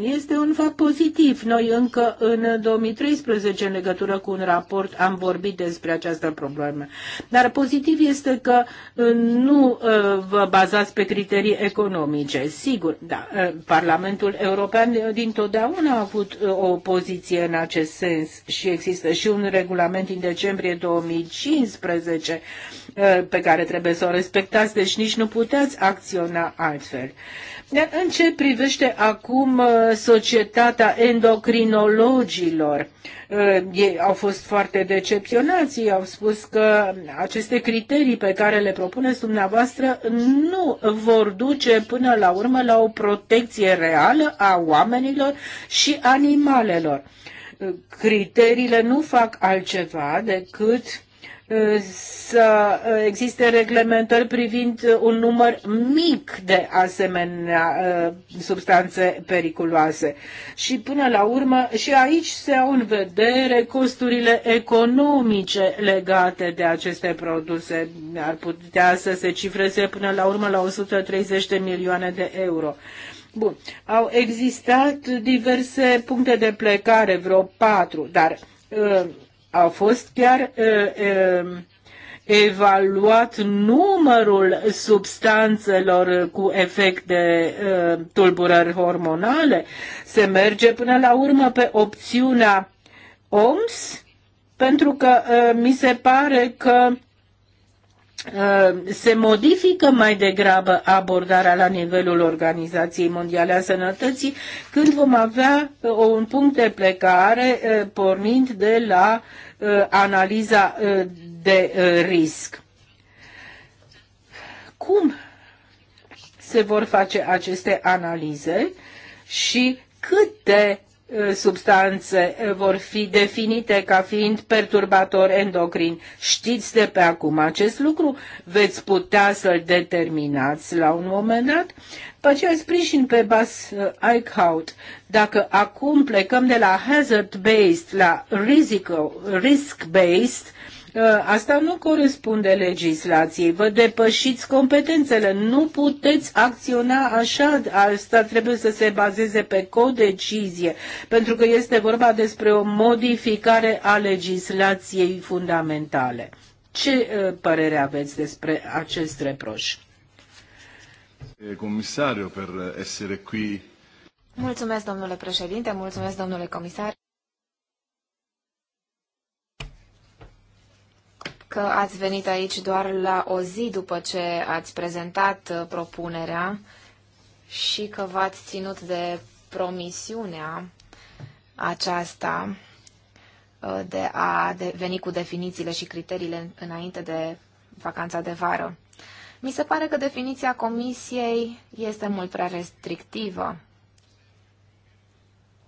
este un fapt pozitiv. Noi încă în 2013, în legătură cu un raport, am vorbit despre această problemă. Dar pozitiv este că nu vă bazați pe criterii economice. Sigur, da, Parlamentul European dintotdeauna a avut o poziție în acest sens și există și un regulament în decembrie 2015 2012 eh, pe care trebuie să o respectați, deci nici nu puteți acționa altfel. În ce privește acum eh, societatea endocrinologilor, eh, ei au fost foarte decepționați, ei au spus că aceste criterii pe care le propuneți dumneavoastră nu vor duce până la urmă la o protecție reală a oamenilor și animalelor. Criteriile nu fac altceva decât să uh, existe reglementări privind uh, un număr mic de asemenea uh, substanțe periculoase. Și până la urmă și aici se au în vedere costurile economice legate de aceste produse. Ar putea să se cifreze până la urmă la 130 de milioane de euro. Bun, au existat diverse puncte de plecare, vreo patru, dar a fost chiar uh, um, evaluat numărul substanțelor cu efect de uh, tulburări hormonale. Se merge până la urmă pe opțiunea OMS, pentru că uh, mi se pare că Uh, se modifică mai degrabă abordarea la nivelul Organizației Mondiale a Sănătății când vom avea uh, un punct de plecare uh, pornind de la analiza de risc. Cum se vor face aceste analize și câte substanțe eh, vor fi definite ca fiind perturbatori endocrini. Știți de pe acum acest lucru? Veți putea să-l determinați la un moment dat? După aceea sprijin pe Bas eh, Eichhout. Dacă acum plecăm de la hazard-based la risk-based, Ă, asta nu corespunde legislației. Vă depășiți competențele. Nu puteți acționa așa. Asta trebuie să se bazeze pe codecizie, pentru că este vorba despre o modificare a legislației fundamentale. Ce ă, părere aveți despre acest reproș? Comisariu, per essere qui. Mulțumesc, domnule președinte, mulțumesc, domnule comisar. că ați venit aici doar la o zi după ce ați prezentat uh, propunerea și că v-ați ținut de promisiunea aceasta uh, de a veni cu definițiile și criteriile înainte de vacanța de vară. Mi se pare că definiția comisiei este mult prea restrictivă.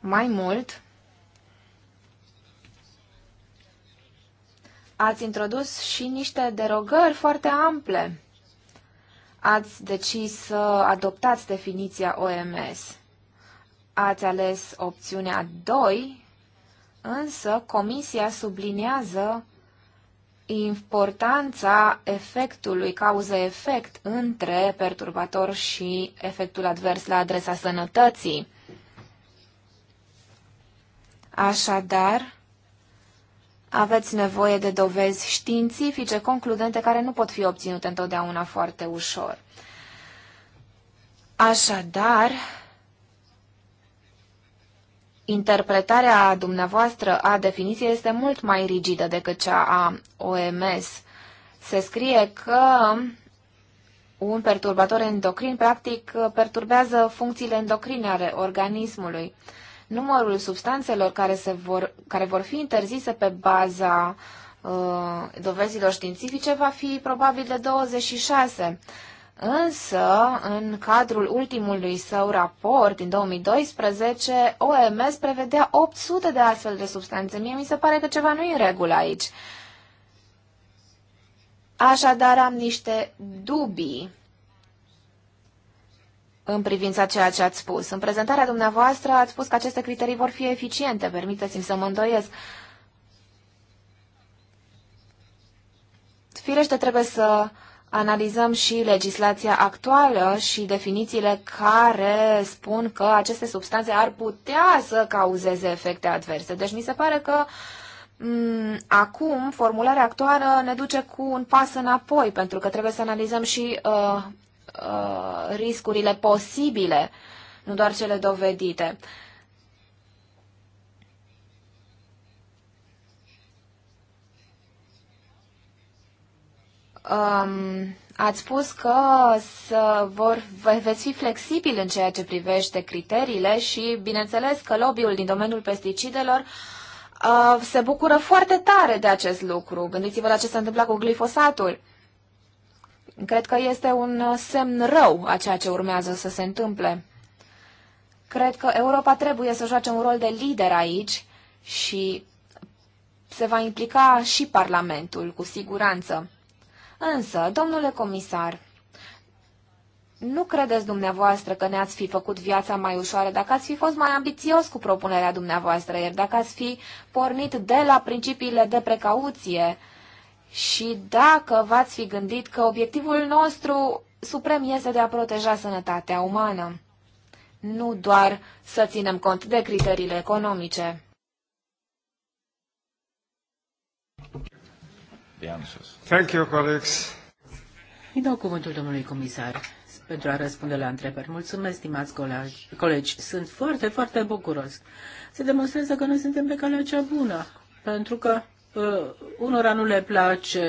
Mai mult, ați introdus și niște derogări foarte ample. Ați decis să adoptați definiția OMS. Ați ales opțiunea 2, însă Comisia subliniază importanța efectului, cauză-efect între perturbator și efectul advers la adresa sănătății. Așadar, aveți nevoie de dovezi științifice, concludente, care nu pot fi obținute întotdeauna foarte ușor. Așadar, interpretarea dumneavoastră a definiției este mult mai rigidă decât cea a OMS. Se scrie că un perturbator endocrin, practic, perturbează funcțiile endocrine ale organismului numărul substanțelor care, se vor, care vor fi interzise pe baza uh, dovezilor științifice va fi probabil de 26. Însă, în cadrul ultimului său raport din 2012, OMS prevedea 800 de astfel de substanțe. Mie mi se pare că ceva nu e în regulă aici. Așadar, am niște dubii în privința ceea ce ați spus. În prezentarea dumneavoastră ați spus că aceste criterii vor fi eficiente. Permiteți-mi să mă îndoiesc. Firește, trebuie să analizăm și legislația actuală și definițiile care spun că aceste substanțe ar putea să cauzeze efecte adverse. Deci mi se pare că mm, acum formularea actuală ne duce cu un pas înapoi, pentru că trebuie să analizăm și uh, Uh, riscurile posibile, nu doar cele dovedite. Um, ați spus că să vor, veți fi flexibili în ceea ce privește criteriile și, bineînțeles, că lobby-ul din domeniul pesticidelor uh, se bucură foarte tare de acest lucru. Gândiți-vă la ce s-a întâmplat cu glifosatul. Cred că este un uh, semn rău a ceea ce urmează să se întâmple. Cred că Europa trebuie să joace un rol de lider aici și se va implica și Parlamentul, cu siguranță. Însă, domnule comisar, nu credeți dumneavoastră că ne-ați fi făcut viața mai ușoară dacă ați fi fost mai ambițios cu propunerea dumneavoastră, iar dacă ați fi pornit de la principiile de precauție, și dacă v-ați fi gândit că obiectivul nostru suprem este de a proteja sănătatea umană, nu doar să ținem cont de criteriile economice. Thank you, colleagues. Îi dau cuvântul domnului comisar pentru a răspunde la întrebări. Mulțumesc, stimați colegi. Sunt foarte, foarte bucuros. Se demonstrează că noi suntem pe calea cea bună, pentru că uh, unora nu le place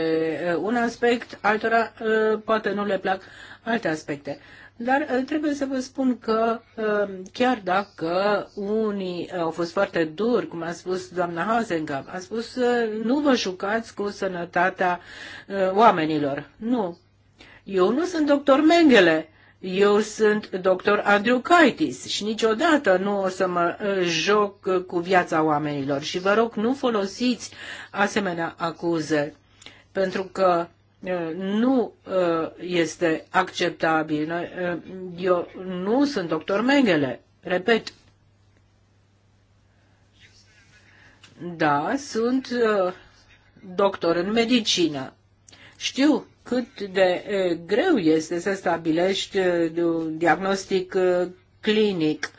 uh, un aspect, altora uh, poate nu le plac alte aspecte. Dar uh, trebuie să vă spun că uh, chiar dacă unii uh, au fost foarte duri, cum a spus doamna Hazenga, a spus uh, nu vă jucați cu sănătatea uh, oamenilor. Nu. Eu nu sunt doctor Mengele eu sunt doctor Andrew Kaitis și niciodată nu o să mă uh, joc cu viața oamenilor și vă rog nu folosiți asemenea acuze pentru că uh, nu uh, este acceptabil. Eu nu sunt doctor Mengele, repet. Da, sunt doctor în medicină. Știu cât de greu este să stabilești un diagnostic clinic.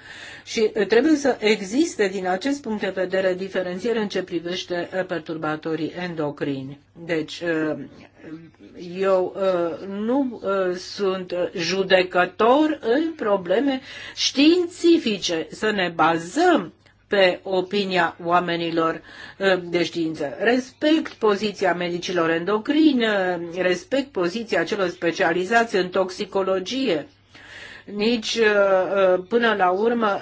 Și trebuie să existe, din acest punct de vedere, diferențiere în ce privește perturbatorii endocrini. Deci, eu nu sunt judecător în probleme științifice. Să ne bazăm pe opinia oamenilor uh, de știință. Respect poziția medicilor endocrini, uh, respect poziția celor specializați în toxicologie. Nici uh, până la urmă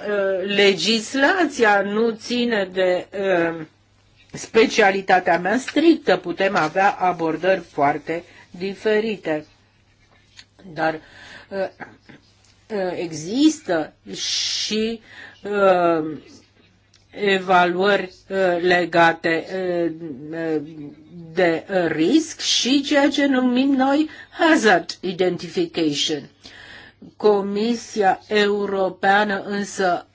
legislația nu ține de specialitatea mea strictă, putem avea abordări foarte diferite. Dar există și evaluări uh, legate uh, uh, de risc și ceea ce numim noi hazard identification. Comisia Europeană însă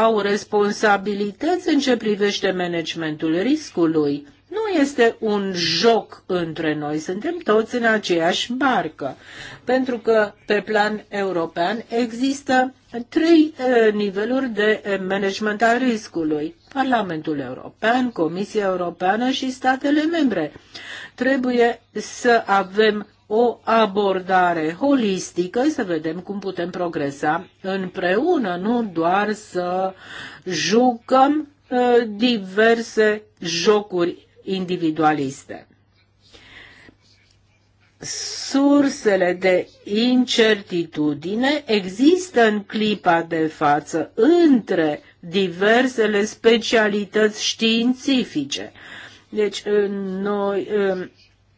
au responsabilități în ce privește managementul riscului nu este un joc între noi, suntem toți în aceeași barcă, pentru că pe plan european există trei eh, niveluri de eh, management al riscului. Parlamentul European, Comisia Europeană și statele membre. Trebuie să avem o abordare holistică, să vedem cum putem progresa împreună, nu doar să jucăm eh, diverse jocuri individualiste. Sursele de incertitudine există în clipa de față între diversele specialități științifice. Deci, noi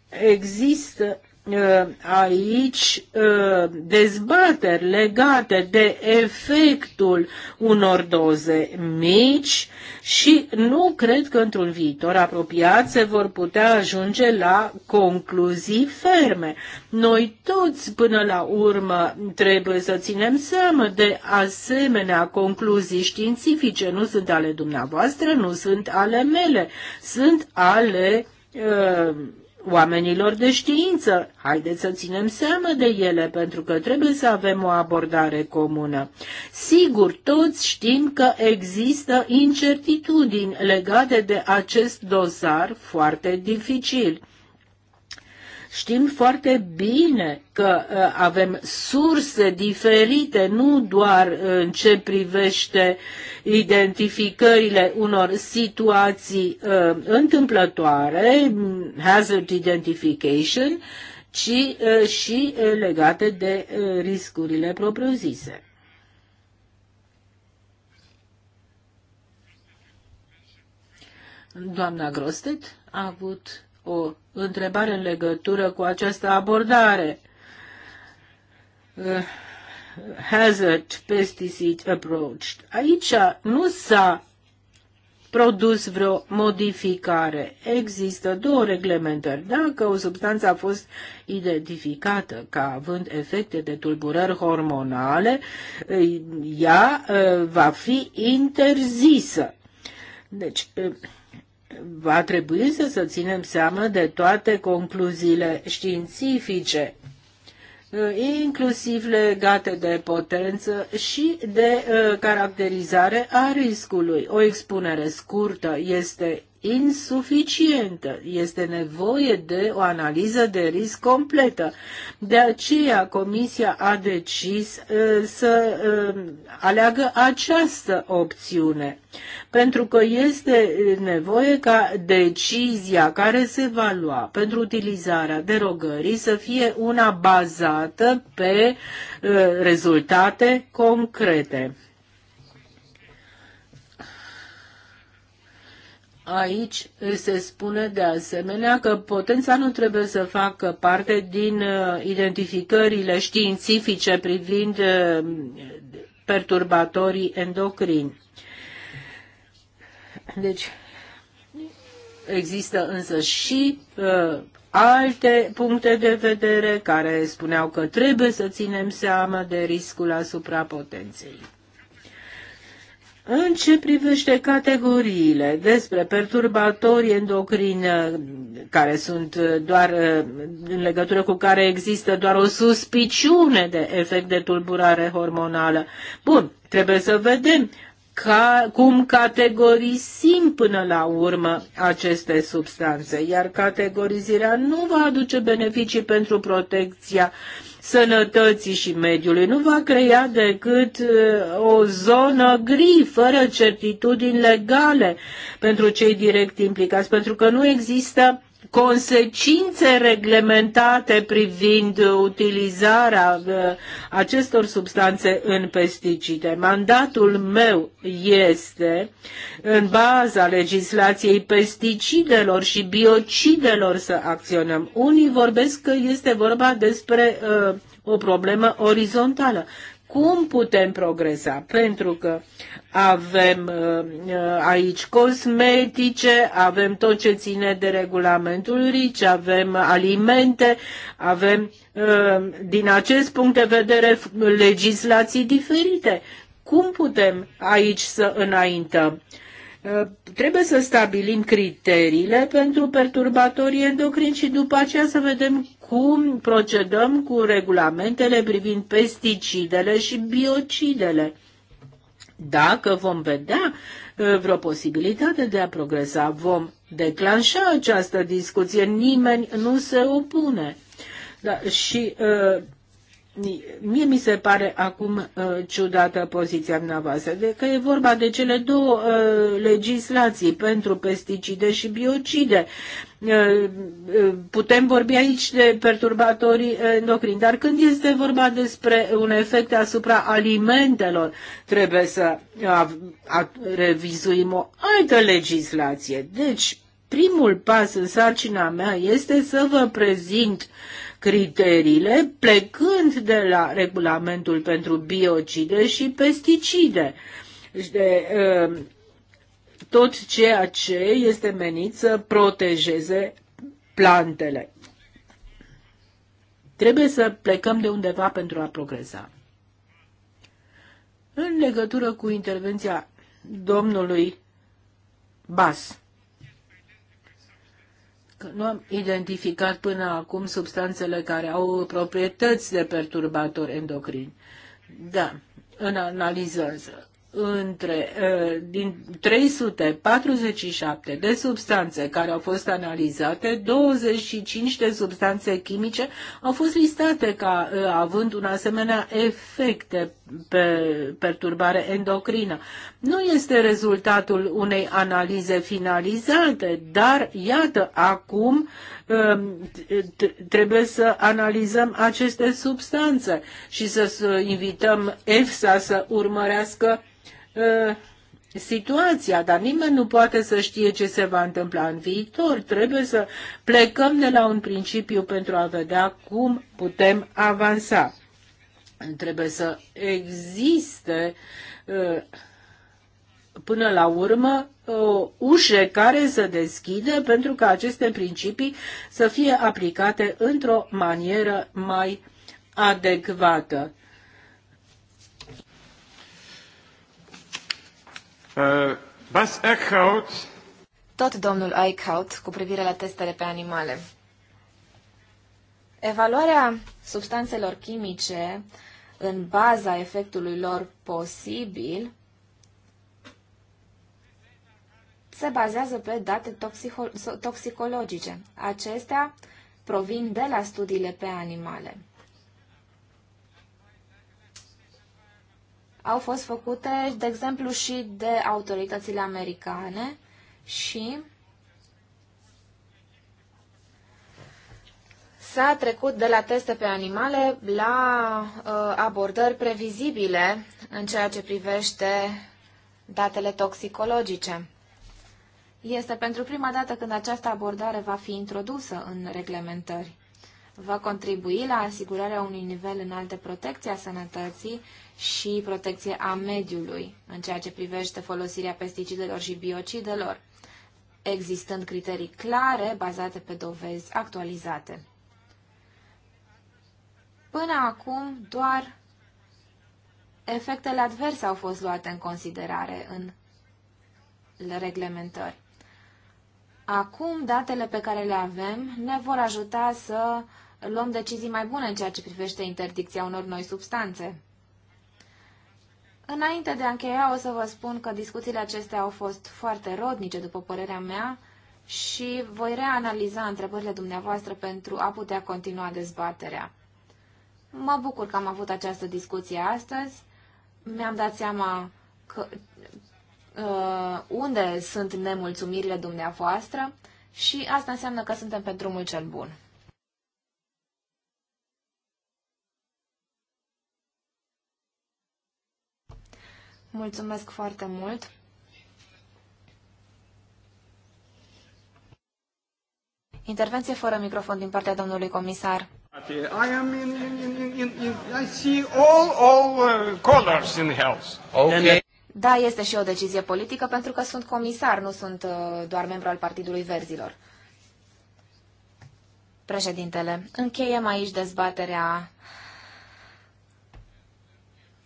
există Ă, aici ă, dezbateri legate de efectul unor doze mici și nu cred că într-un viitor apropiat se vor putea ajunge la concluzii ferme. Noi toți până la urmă trebuie să ținem seama de asemenea concluzii științifice. Nu sunt ale dumneavoastră, nu sunt ale mele, sunt ale uh, oamenilor de știință. Haideți să ținem seama de ele, pentru că trebuie să avem o abordare comună. Sigur, toți știm că există incertitudini legate de acest dosar foarte dificil. Știm foarte bine că uh, avem surse diferite, nu doar uh, în ce privește identificările unor situații uh, întâmplătoare, hazard identification, ci și legate de riscurile propriu-zise. Doamna Grostet a avut o întrebare în legătură cu această abordare. Uh, hazard pesticide approach. Aici nu s-a produs vreo modificare. Există două reglementări. Dacă o substanță a fost identificată ca având efecte de tulburări hormonale, uh, ea uh, va fi interzisă. Deci, uh, va trebui să, să ținem seama de toate concluziile științifice, inclusiv legate de potență și de uh, caracterizare a riscului. O expunere scurtă este insuficientă. Este nevoie de o analiză de risc completă. De aceea Comisia a decis uh, să uh, aleagă această opțiune, pentru că este uh, nevoie ca decizia care se va lua pentru utilizarea derogării să fie una bazată pe rezultate concrete. Aici se spune de asemenea că potența nu trebuie să facă parte din uh, identificările științifice privind uh, perturbatorii endocrini. Deci există însă și uh, alte puncte de vedere care spuneau că trebuie să ținem seama de riscul asupra potenței. În ce privește categoriile despre perturbatorii endocrini care sunt uh, doar uh, în legătură cu care există doar o suspiciune de efect de tulburare hormonală. Bun, trebuie să vedem ca, cum categorisim până la urmă aceste substanțe, iar categorizarea nu va aduce beneficii pentru protecția uh, sănătății și mediului. Nu va crea decât uh, o zonă gri, fără certitudini legale pentru cei direct implicați, pentru că nu există consecințe reglementate privind utilizarea uh, acestor substanțe în pesticide. Mandatul meu este, în baza legislației pesticidelor și biocidelor, să acționăm. Unii vorbesc că este vorba despre uh, o problemă orizontală cum putem progresa, pentru că avem uh, uh, aici cosmetice, avem tot ce ține de regulamentul RICI, avem alimente, avem uh, din acest punct de vedere legislații diferite. Cum putem aici să înaintăm? trebuie să stabilim criteriile pentru perturbatorii endocrini și după aceea să vedem cum procedăm cu regulamentele privind pesticidele și biocidele. Dacă vom vedea uh, vreo posibilitate de a progresa, vom declanșa această discuție. Nimeni nu se opune. Da, și uh, Mie mi se pare acum uh, ciudată poziția dumneavoastră, de că e vorba de cele două uh, legislații pentru pesticide și biocide. Uh, putem vorbi aici de perturbatorii endocrini, dar când este vorba despre un efect asupra alimentelor, trebuie să revizuim o altă legislație. Deci, primul pas în sarcina mea este să vă prezint uh, criteriile, plecând de la regulamentul pentru biocide și pesticide. Deci, de, um, tot ceea ce este menit să protejeze plantele. Trebuie să plecăm de undeva pentru a progresa. În legătură cu intervenția domnului Bas, nu am identificat până acum substanțele care au proprietăți de perturbatori endocrini. Da, în analiză între ă, din 347 de substanțe care au fost analizate, 25 de substanțe chimice au fost listate ca ă, având un asemenea efect de pe perturbare endocrină. Nu este rezultatul unei analize finalizate, dar iată, acum um, trebuie să analizăm aceste substanțe și să invităm EFSA să urmărească uh, situația, dar nimeni nu poate să știe ce se va întâmpla în viitor. Trebuie să plecăm de la un principiu pentru a vedea cum putem avansa. Trebuie să existe până la urmă o ușă care să deschidă pentru ca aceste principii să fie aplicate într-o manieră mai adecvată. Uh, Tot domnul Eichhout cu privire la testele pe animale. Evaluarea substanțelor chimice în baza efectului lor posibil, se bazează pe date toxicologice. Acestea provin de la studiile pe animale. Au fost făcute, de exemplu, și de autoritățile americane și S-a trecut de la teste pe animale la uh, abordări previzibile în ceea ce privește datele toxicologice. Este pentru prima dată când această abordare va fi introdusă în reglementări. Va contribui la asigurarea unui nivel înalt de protecție a sănătății și protecție a mediului în ceea ce privește folosirea pesticidelor și biocidelor, existând criterii clare bazate pe dovezi actualizate. Până acum, doar efectele adverse au fost luate în considerare în reglementări. Acum, datele pe care le avem ne vor ajuta să luăm decizii mai bune în ceea ce privește interdicția unor noi substanțe. Înainte de a încheia, o să vă spun că discuțiile acestea au fost foarte rodnice, după părerea mea, și voi reanaliza întrebările dumneavoastră pentru a putea continua dezbaterea. Mă bucur că am avut această discuție astăzi. Mi-am dat seama că, uh, unde sunt nemulțumirile dumneavoastră și asta înseamnă că suntem pe drumul cel bun. Mulțumesc foarte mult! Intervenție fără microfon din partea domnului comisar. I am in, in, in, in, in I see all, all uh, colors in house. Okay. Da, da, este și o decizie politică pentru că sunt comisar, nu sunt uh, doar membru al Partidului Verzilor. Președintele, încheiem aici dezbaterea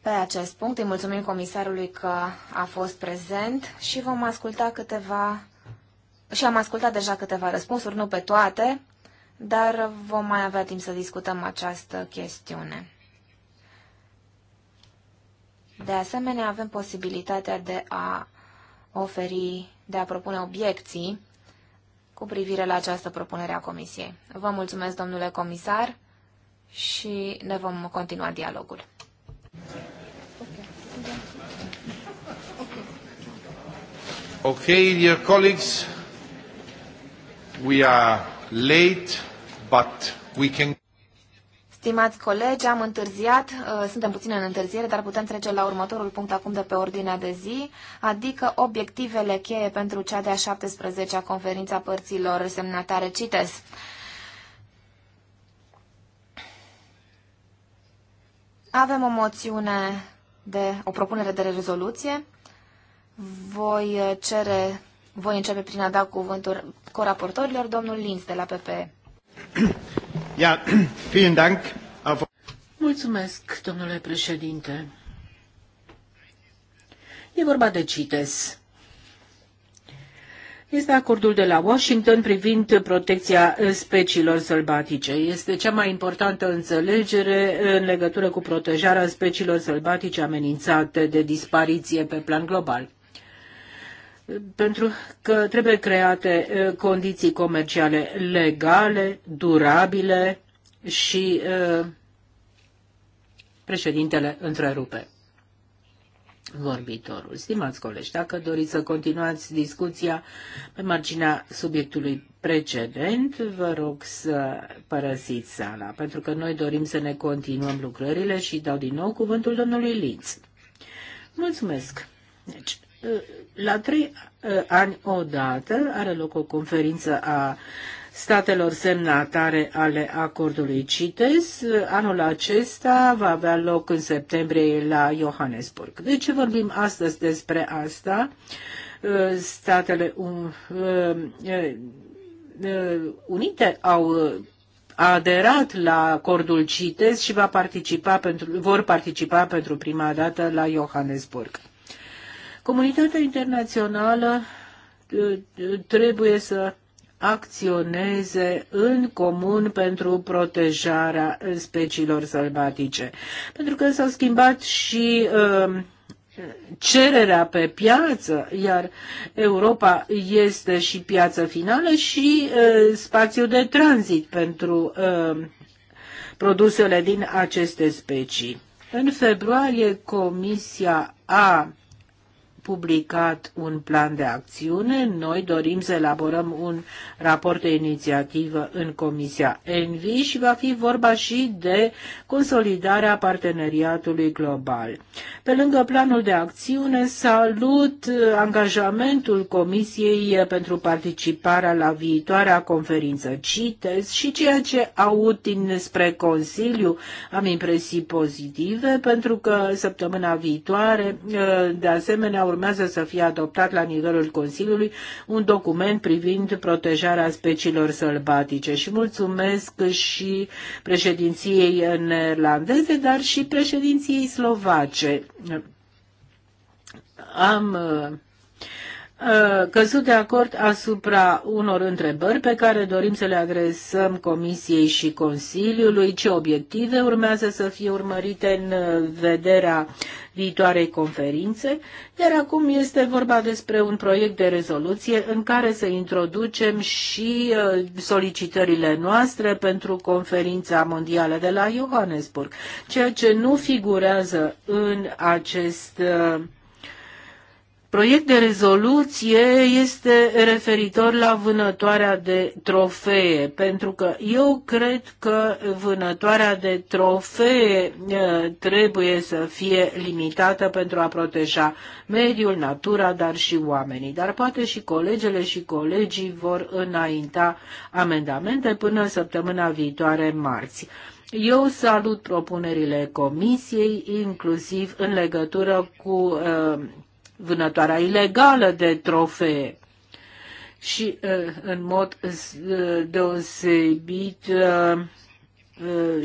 pe acest punct. Îi mulțumim comisarului că a fost prezent și vom asculta câteva și am ascultat deja câteva răspunsuri, nu pe toate dar vom mai avea timp să discutăm această chestiune. De asemenea, avem posibilitatea de a oferi, de a propune obiecții cu privire la această propunere a Comisiei. Vă mulțumesc, domnule comisar, și ne vom continua dialogul. Okay, dear colleagues, we are late but we can... Stimați colegi, am întârziat, uh, suntem puțin în întârziere, dar putem trece la următorul punct acum de pe ordinea de zi, adică obiectivele cheie pentru cea de-a 17-a conferință a părților semnatare CITES. Avem o moțiune de o propunere de rezoluție. Voi uh, cere, voi începe prin a da cuvântul coraportorilor, domnul Linz de la PP. Mulțumesc, domnule președinte. E vorba de CITES. Este acordul de la Washington privind protecția uh, speciilor sălbatice. Este cea mai importantă înțelegere uh, în legătură cu protejarea speciilor sălbatice amenințate de dispariție pe plan global pentru că trebuie create condiții comerciale legale, durabile și președintele întrerupe vorbitorul. Stimați colegi, dacă doriți să continuați discuția pe marginea subiectului precedent, vă rog să părăsiți sala, pentru că noi dorim să ne continuăm lucrările și dau din nou cuvântul domnului Linț. Mulțumesc! Deci, Uh, la trei uh, ani odată are loc o conferință a statelor semnatare ale acordului CITES. Uh, anul acesta va avea loc în septembrie la Johannesburg. De ce vorbim astăzi despre asta? Statele Unite au a aderat la acordul CITES și va participa pentru, vor participa pentru prima dată la Johannesburg. Comunitatea internațională trebuie să acționeze în comun pentru protejarea speciilor sălbatice. Pentru că s-au schimbat și um, cererea pe piață, iar Europa este și piață finală și uh, spațiu de tranzit pentru um, produsele din aceste specii. În februarie, Comisia a publicat un plan de acțiune. Noi dorim să elaborăm un raport de inițiativă în Comisia ENVI și va fi vorba și de consolidarea parteneriatului global. Pe lângă planul de acțiune, salut angajamentul Comisiei pentru participarea la viitoarea conferință CITES și ceea ce aud spre Consiliu am impresii pozitive pentru că săptămâna viitoare de asemenea, urmează urmează să fie adoptat la nivelul Consiliului un document privind protejarea speciilor sălbatice. Și mulțumesc și președinției neerlandeze, dar și președinției slovace. Am uh, căzut de acord asupra unor întrebări pe care dorim să le adresăm Comisiei și Consiliului, ce obiective urmează să fie urmărite în vederea viitoarei conferințe, iar acum este vorba despre un proiect de rezoluție în care să introducem și uh, solicitările noastre pentru conferința mondială de la Johannesburg, ceea ce nu figurează în acest uh, proiect de rezoluție este referitor la vânătoarea de trofee, pentru că eu cred că vânătoarea de trofee trebuie să fie limitată pentru a proteja mediul, natura, dar și oamenii. Dar poate și colegele și colegii vor înainta amendamente până săptămâna viitoare, marți. Eu salut propunerile comisiei, inclusiv în legătură cu uh, vânătoarea ilegală de trofee. Și uh, în mod uh, deosebit uh,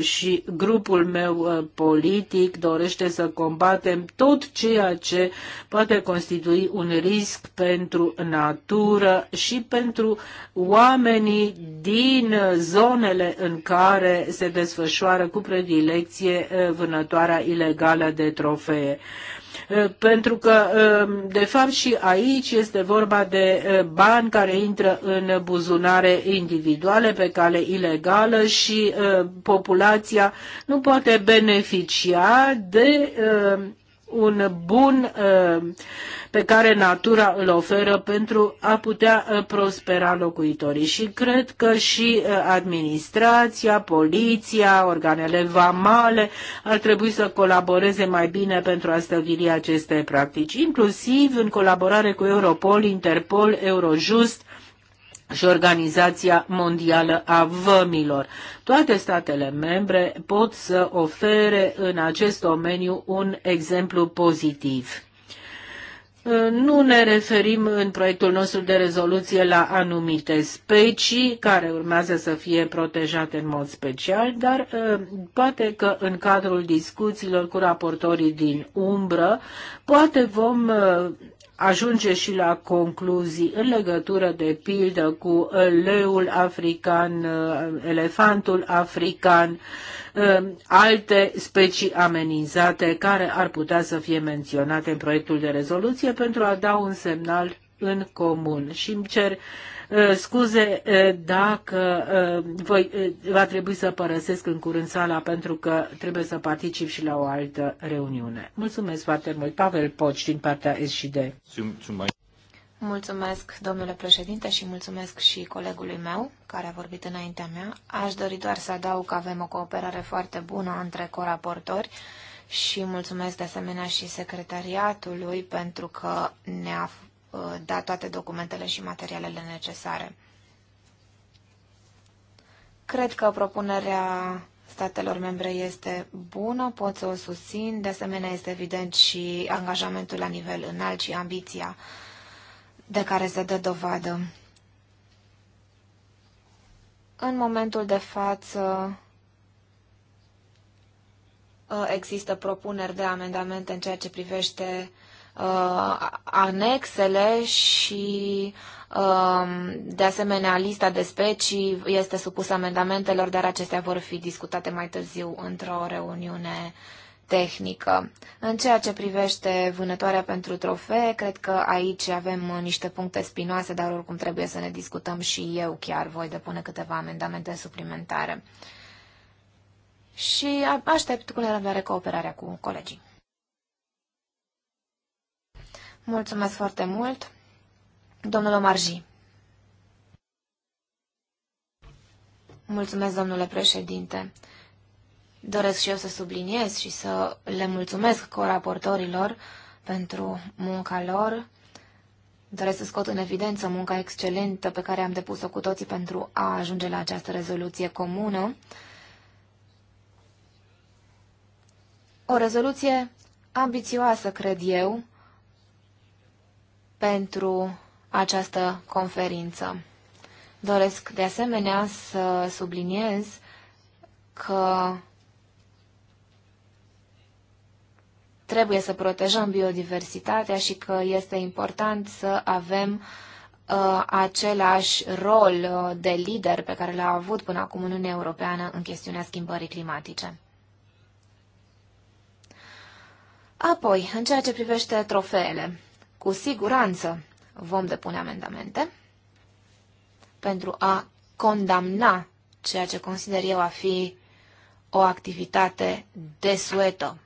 și grupul meu politic dorește să combatem tot ceea ce poate constitui un risc pentru natură și pentru oamenii din zonele în care se desfășoară cu predilecție vânătoarea ilegală de trofee. Uh, pentru că, um, de fapt, și aici este vorba de uh, bani care intră în buzunare individuale pe cale ilegală și uh, populația nu poate beneficia de um, un bun uh, pe care natura îl oferă pentru a putea uh, prospera locuitorii. Și cred că și uh, administrația, poliția, organele vamale ar trebui să colaboreze mai bine pentru a stăvili aceste practici, inclusiv în colaborare cu Europol, Interpol, Eurojust, și Organizația Mondială a Vămilor. Toate statele membre pot să ofere în acest domeniu un exemplu pozitiv. Nu ne referim în proiectul nostru de rezoluție la anumite specii care urmează să fie protejate în mod special, dar ă, poate că în cadrul discuțiilor cu raportorii din umbră, poate vom ă, ajunge și la concluzii în legătură de pildă cu leul african, elefantul african, alte specii amenințate care ar putea să fie menționate în proiectul de rezoluție pentru a da un semnal în comun. Și îmi cer uh, Ă, scuze ă, dacă ă, voi, va trebui să părăsesc în curând sala pentru că trebuie să particip și la o altă reuniune. Mulțumesc foarte mult. Pavel Poci din partea SJD. Mulțumesc, domnule președinte, și mulțumesc și colegului meu care a vorbit înaintea mea. Aș dori doar să adaug că avem o cooperare foarte bună între coraportori și mulțumesc de asemenea și secretariatului pentru că ne-a Uh, da toate documentele și materialele necesare. Cred că propunerea statelor membre este bună, pot să o susțin, de asemenea este evident și angajamentul la nivel înalt și ambiția de care se dă dovadă. În momentul de față uh, există propuneri de amendamente în ceea ce privește uh, anexele și uh, de asemenea, lista de specii este supusă amendamentelor, dar acestea vor fi discutate mai târziu într-o reuniune tehnică. În ceea ce privește vânătoarea pentru trofee, cred că aici avem niște puncte spinoase, dar oricum trebuie să ne discutăm și eu chiar voi depune câteva amendamente suplimentare. Și aștept cu nerăbdare cooperarea cu colegii. Mulțumesc foarte mult. Domnul Omarji. Mulțumesc, domnule președinte. Doresc și eu să subliniez și să le mulțumesc coraportorilor pentru munca lor. Doresc să scot în evidență munca excelentă pe care am depus-o cu toții pentru a ajunge la această rezoluție comună. O rezoluție ambițioasă, cred eu, pentru această conferință. Doresc de asemenea să subliniez că trebuie să protejăm biodiversitatea și că este important să avem uh, același rol uh, de lider pe care l-a avut până acum Uniunea Europeană în chestiunea schimbării climatice. Apoi, în ceea ce privește trofeele, cu siguranță vom depune amendamente pentru a condamna ceea ce consider eu a fi o activitate desuetă.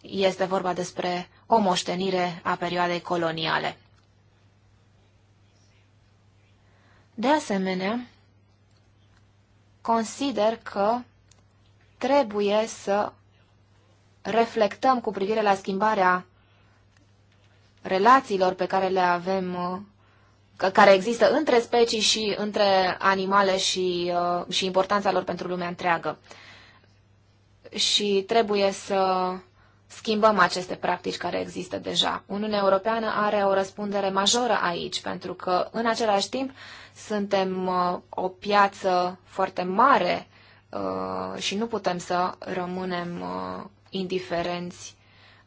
Este vorba despre o moștenire a perioadei coloniale. De asemenea, consider că trebuie să reflectăm cu privire la schimbarea relațiilor pe care le avem, care există între specii și între animale și, uh, și importanța lor pentru lumea întreagă. Și trebuie să schimbăm aceste practici care există deja. Uniunea Europeană are o răspundere majoră aici, pentru că în același timp suntem uh, o piață foarte mare uh, și nu putem să rămânem indiferenți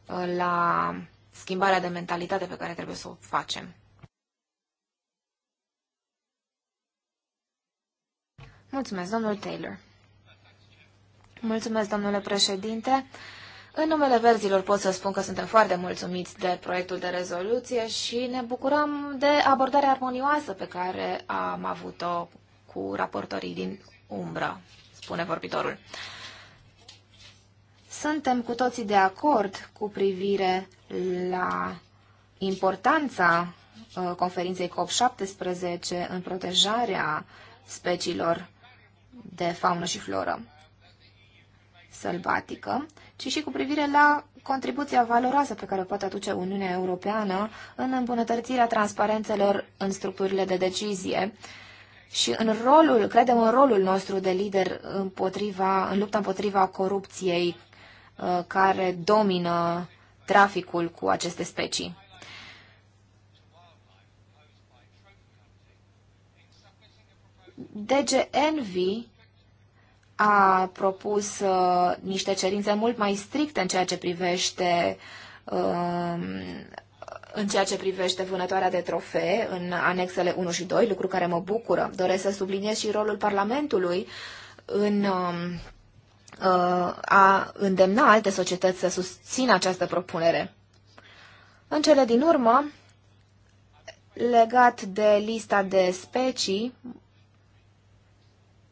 uh, la schimbarea de mentalitate pe care trebuie să o facem. Mulțumesc, domnul Taylor. Mulțumesc, domnule președinte. În numele verzilor pot să spun că suntem foarte mulțumiți de proiectul de rezoluție și ne bucurăm de abordarea armonioasă pe care am avut-o cu raportorii din umbră, spune vorbitorul. Suntem cu toții de acord cu privire la importanța uh, conferinței COP17 în protejarea speciilor de faună și floră sălbatică, ci și cu privire la contribuția valoroasă pe care o poate aduce Uniunea Europeană în îmbunătățirea transparențelor în structurile de decizie și în rolul, credem în rolul nostru de lider împotriva, în lupta împotriva corupției Uh, care domină traficul cu aceste specii. DG Envy a propus uh, niște cerințe mult mai stricte în ceea ce privește uh, în ceea ce privește vânătoarea de trofee în anexele 1 și 2, lucru care mă bucură. Doresc să subliniez și rolul Parlamentului în uh, Uh, a îndemna alte societăți să susțină această propunere. În cele din urmă, legat de lista de specii,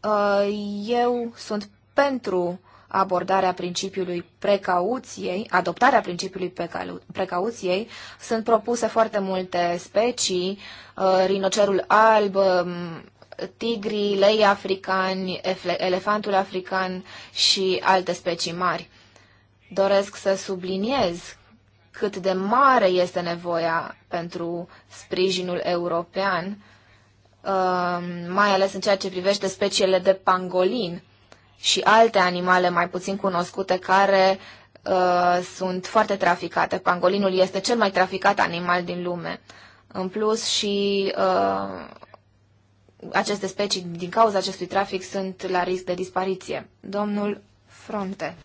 uh, eu sunt pentru abordarea principiului precauției, adoptarea principiului precauției. Sunt propuse foarte multe specii, uh, rinocerul alb, um, tigrii, lei africani, elefantul african și alte specii mari. Doresc să subliniez cât de mare este nevoia pentru sprijinul european, um, mai ales în ceea ce privește speciile de pangolin și alte animale mai puțin cunoscute care uh, sunt foarte traficate. Pangolinul este cel mai traficat animal din lume. În plus și uh, aceste specii, din cauza acestui trafic, sunt la risc de dispariție. Domnul Fronte.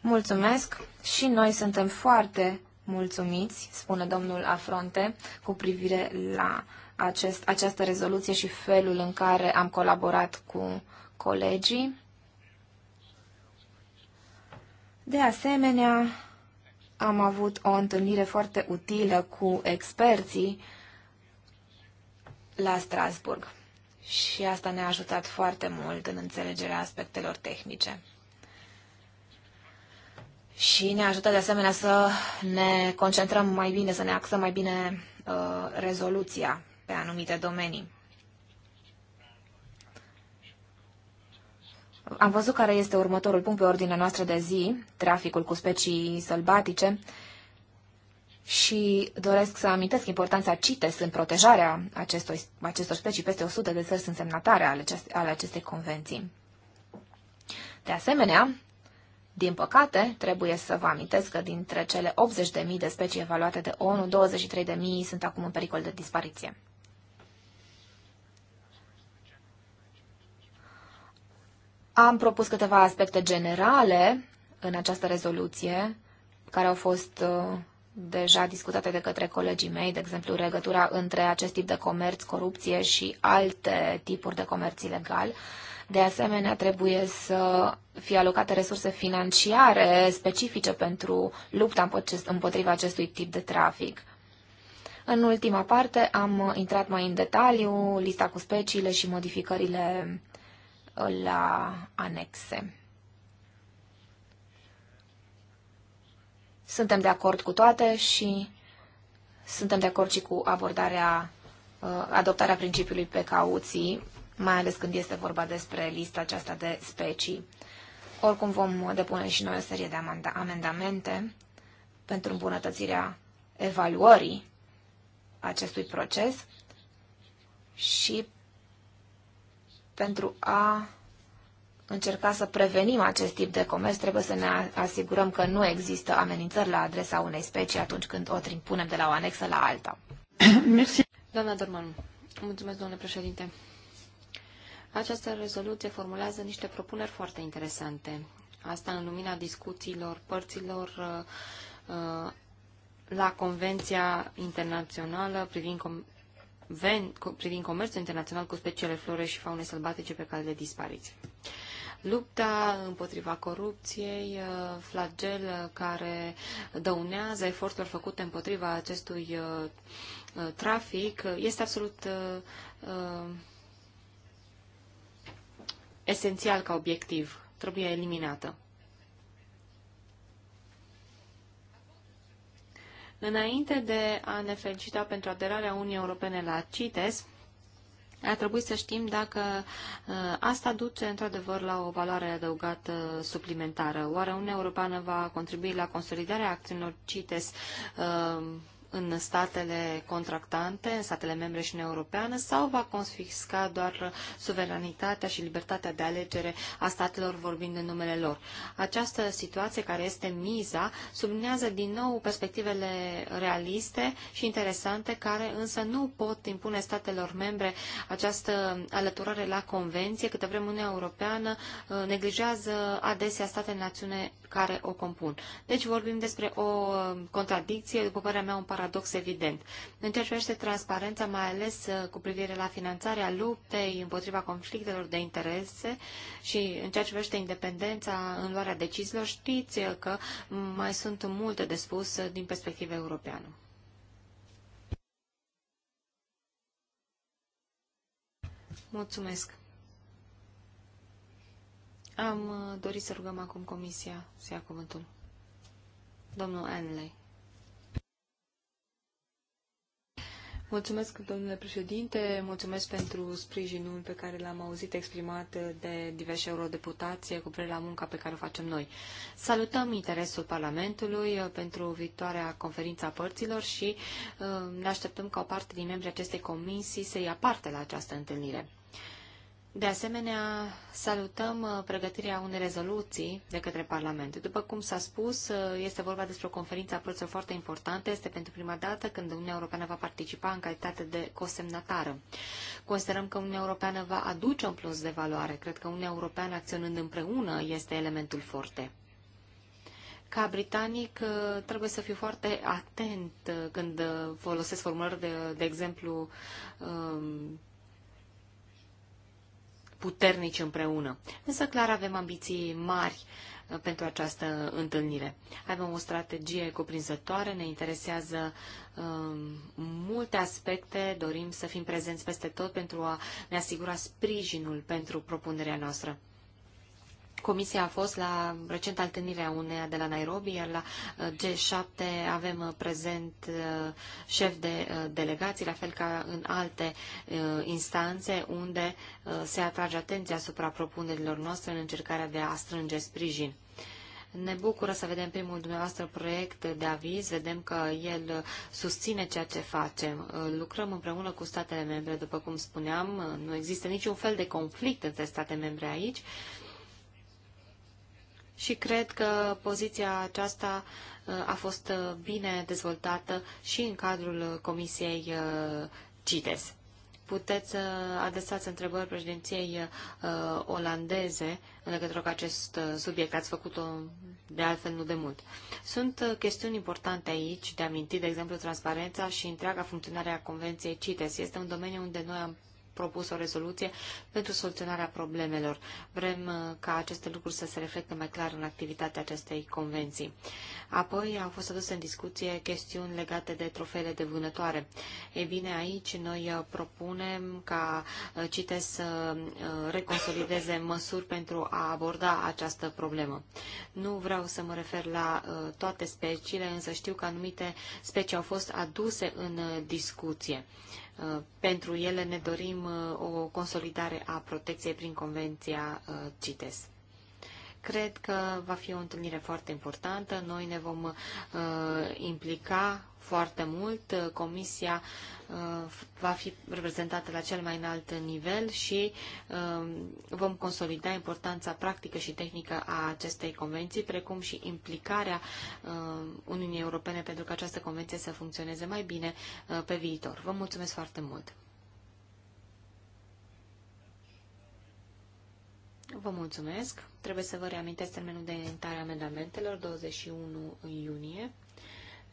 Mulțumesc și noi suntem foarte mulțumiți, spune domnul Afronte, cu privire la acest, această rezoluție și felul în care am colaborat cu colegii. De asemenea, am avut o întâlnire foarte utilă cu experții la Strasburg și asta ne-a ajutat foarte mult în înțelegerea aspectelor tehnice. Și ne a ajutat de asemenea să ne concentrăm mai bine, să ne axăm mai bine uh, rezoluția pe anumite domenii. Am văzut care este următorul punct pe ordinea noastră de zi, traficul cu specii sălbatice. Uh, și doresc să amintesc importanța CITES în protejarea acestor, acestor specii. Peste 100 de țări sunt semnatare ale, aceste, ale acestei convenții. De asemenea, din păcate, trebuie să vă amintesc că dintre cele 80.000 de specii evaluate de ONU, 23.000 sunt acum în pericol de dispariție. Am propus câteva aspecte generale în această rezoluție, care au fost uh, deja discutate de către colegii mei, de exemplu legătura între acest tip de comerț, corupție și alte tipuri de comerț ilegal. De asemenea, trebuie să fie alocate resurse financiare specifice pentru lupta împotriva acestui tip de trafic. În ultima parte am intrat mai în detaliu lista cu speciile și modificările la anexe. Suntem de acord cu toate și suntem de acord și cu abordarea, uh, adoptarea principiului cauții, mai ales când este vorba despre lista aceasta de specii. Oricum vom depune și noi o serie de amendamente pentru îmbunătățirea evaluării acestui proces și pentru a încerca să prevenim acest tip de comerț, trebuie să ne asigurăm că nu există amenințări la adresa unei specii atunci când o trimpunem de la o anexă la alta. Mersi. Doamna Dorman, mulțumesc, domnule președinte. Această rezoluție formulează niște propuneri foarte interesante. Asta în lumina discuțiilor părților uh, uh, la Convenția Internațională privind com privind comerțul internațional cu speciile flore și faune sălbatice pe care le dispariți. Lupta împotriva corupției, uh, flagel care dăunează eforturile făcute împotriva acestui uh, uh, trafic, este absolut esențial ca obiectiv. Trebuie eliminată. Înainte de a ne felicita pentru aderarea Uniunii Europene la CITES, ar trebui să știm dacă uh, asta duce într-adevăr la o valoare adăugată uh, suplimentară. Oare Uniunea Europeană va contribui la consolidarea acțiunilor CITES uh, în statele contractante, în statele membre și în europeană, sau va confisca doar suveranitatea și libertatea de alegere a statelor vorbind în numele lor. Această situație, care este miza, sublinează din nou perspectivele realiste și interesante, care însă nu pot impune statelor membre această alăturare la convenție, câte vreme Uniunea Europeană uh, neglijează adesea state în care o compun. Deci vorbim despre o contradicție, după părerea mea, un paradox evident. În ceea ce privește transparența, mai ales uh, cu privire la finanțarea luptei împotriva conflictelor de interese și în ceea ce privește independența în luarea deciziilor, știți uh, că mai sunt multe de spus uh, din perspectiva europeană. Mulțumesc! Am uh, dorit să rugăm acum Comisia să ia cuvântul. Domnul Anley. Mulțumesc, domnule președinte, mulțumesc pentru sprijinul pe care l-am auzit exprimat de diverse eurodeputații cu privire la munca pe care o facem noi. Salutăm interesul Parlamentului uh, pentru viitoarea conferință a părților și uh, ne așteptăm ca o parte din membrii acestei comisii să ia parte la această întâlnire. De asemenea, salutăm uh, pregătirea unei rezoluții de către Parlament. După cum s-a spus, uh, este vorba despre o conferință a părților foarte importantă. Este pentru prima dată când Uniunea Europeană va participa în calitate de cosemnatară. Considerăm că Uniunea Europeană va aduce un plus de valoare. Cred că Uniunea Europeană, acționând împreună, este elementul forte ca britanic uh, trebuie să fiu foarte atent când folosesc formulări de, de exemplu, um, puternici împreună. Însă clar avem ambiții mari uh, pentru această întâlnire. Avem o strategie cuprinzătoare, ne interesează um, multe aspecte, dorim să fim prezenți peste tot pentru a ne asigura sprijinul pentru propunerea noastră. Comisia a fost la recenta întâlnire a uneia de la Nairobi, iar la uh, G7 avem uh, prezent uh, șef de delegații, la fel ca în alte instanțe unde se atrage atenția asupra propunerilor noastre în încercarea de a strânge sprijin. Ne bucură să vedem primul dumneavoastră proiect de aviz, vedem că el susține ceea ce facem. Lucrăm împreună cu statele membre, după cum spuneam, nu există niciun fel de conflict între state membre aici și cred că poziția aceasta uh, a fost uh, bine dezvoltată și în cadrul uh, Comisiei CITES. Puteți să adresați întrebări președinției olandeze în legătură cu acest subiect. Ați făcut-o de altfel nu de mult. Sunt chestiuni importante aici de amintit, de exemplu, transparența și întreaga funcționare a Convenției CITES. Este un domeniu unde noi am propus o rezoluție pentru soluționarea problemelor. Vrem uh, ca aceste lucruri să se reflecte mai clar în activitatea acestei convenții. Apoi au fost aduse în discuție chestiuni legate de trofeele de vânătoare. E bine, aici noi uh, propunem ca uh, CITES să reconsolideze măsuri pentru a aborda această problemă. Nu vreau să mă refer la toate speciile, însă știu că anumite specii au fost aduse în discuție. Uh, pentru ele ne dorim uh, o consolidare a protecției prin Convenția uh, CITES. Cred că va fi o întâlnire foarte importantă. Noi ne vom uh, implica foarte mult. Comisia uh, va fi reprezentată la cel mai înalt nivel și uh, vom consolida importanța practică și tehnică a acestei convenții, precum și implicarea uh, Uniunii Europene pentru că această convenție să funcționeze mai bine pe viitor. Vă mulțumesc foarte mult! Vă mulțumesc. Trebuie să vă reamintesc termenul de înaintare a amendamentelor, 21 iunie.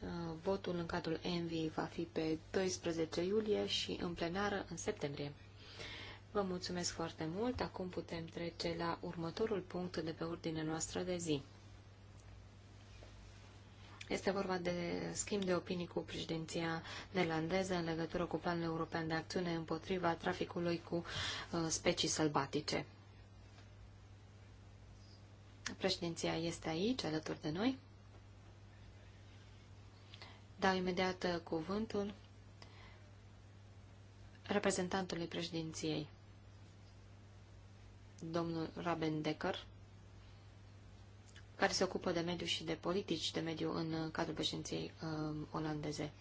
Uh, votul în cadrul ENVI va fi pe 12 iulie și în plenară în septembrie. Vă mulțumesc foarte mult. Acum putem trece la următorul punct de pe ordinea noastră de zi. Este vorba de schimb de opinii cu președinția neerlandeză în legătură cu planul european de acțiune împotriva traficului cu uh, specii sălbatice. Președinția este aici, alături de noi dau imediat uh, cuvântul reprezentantului președinției, domnul Raben Decker, care se ocupă de mediu și de politici de mediu în uh, cadrul președinției uh, olandeze.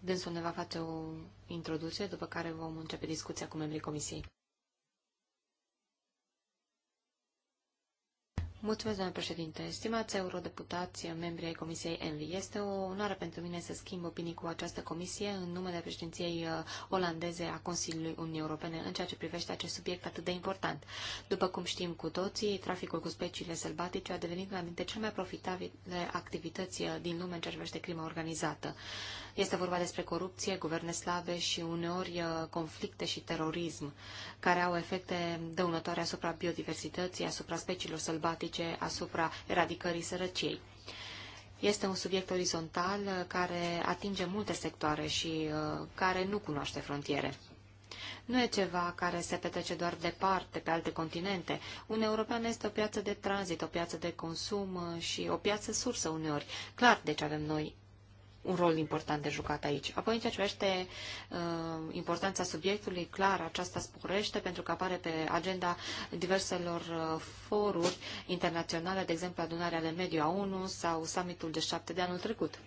Dânsul ne va face o introducere, după care vom începe discuția cu membrii comisiei. Mulțumesc, doamnă președinte. Stimați eurodeputați, membri ai Comisiei ENVI, este o onoare pentru mine să schimb opinii cu această comisie în numele președinției uh, olandeze a Consiliului Uniunii Europene în ceea ce privește acest subiect atât de important. După cum știm cu toții, traficul cu speciile sălbatice a devenit una dintre cele mai profitabile activități uh, din lume în ceea ce privește crima organizată. Este vorba despre corupție, guverne slabe și uneori uh, conflicte și terorism, care au efecte dăunătoare asupra biodiversității, asupra speciilor sălbatice politice asupra eradicării sărăciei. Este un subiect orizontal uh, care atinge multe sectoare și uh, care nu cunoaște frontiere. Nu e ceva care se petrece doar departe, pe alte continente. Un european este o piață de tranzit, o piață de consum uh, și o piață sursă uneori. Clar, deci avem noi un rol important de jucat aici. Apoi, în ceea ce privește uh, importanța subiectului, clar, aceasta sporește pentru că apare pe agenda diverselor uh, foruri internaționale, de exemplu adunarea de mediu a ONU sau summitul de șapte de anul trecut.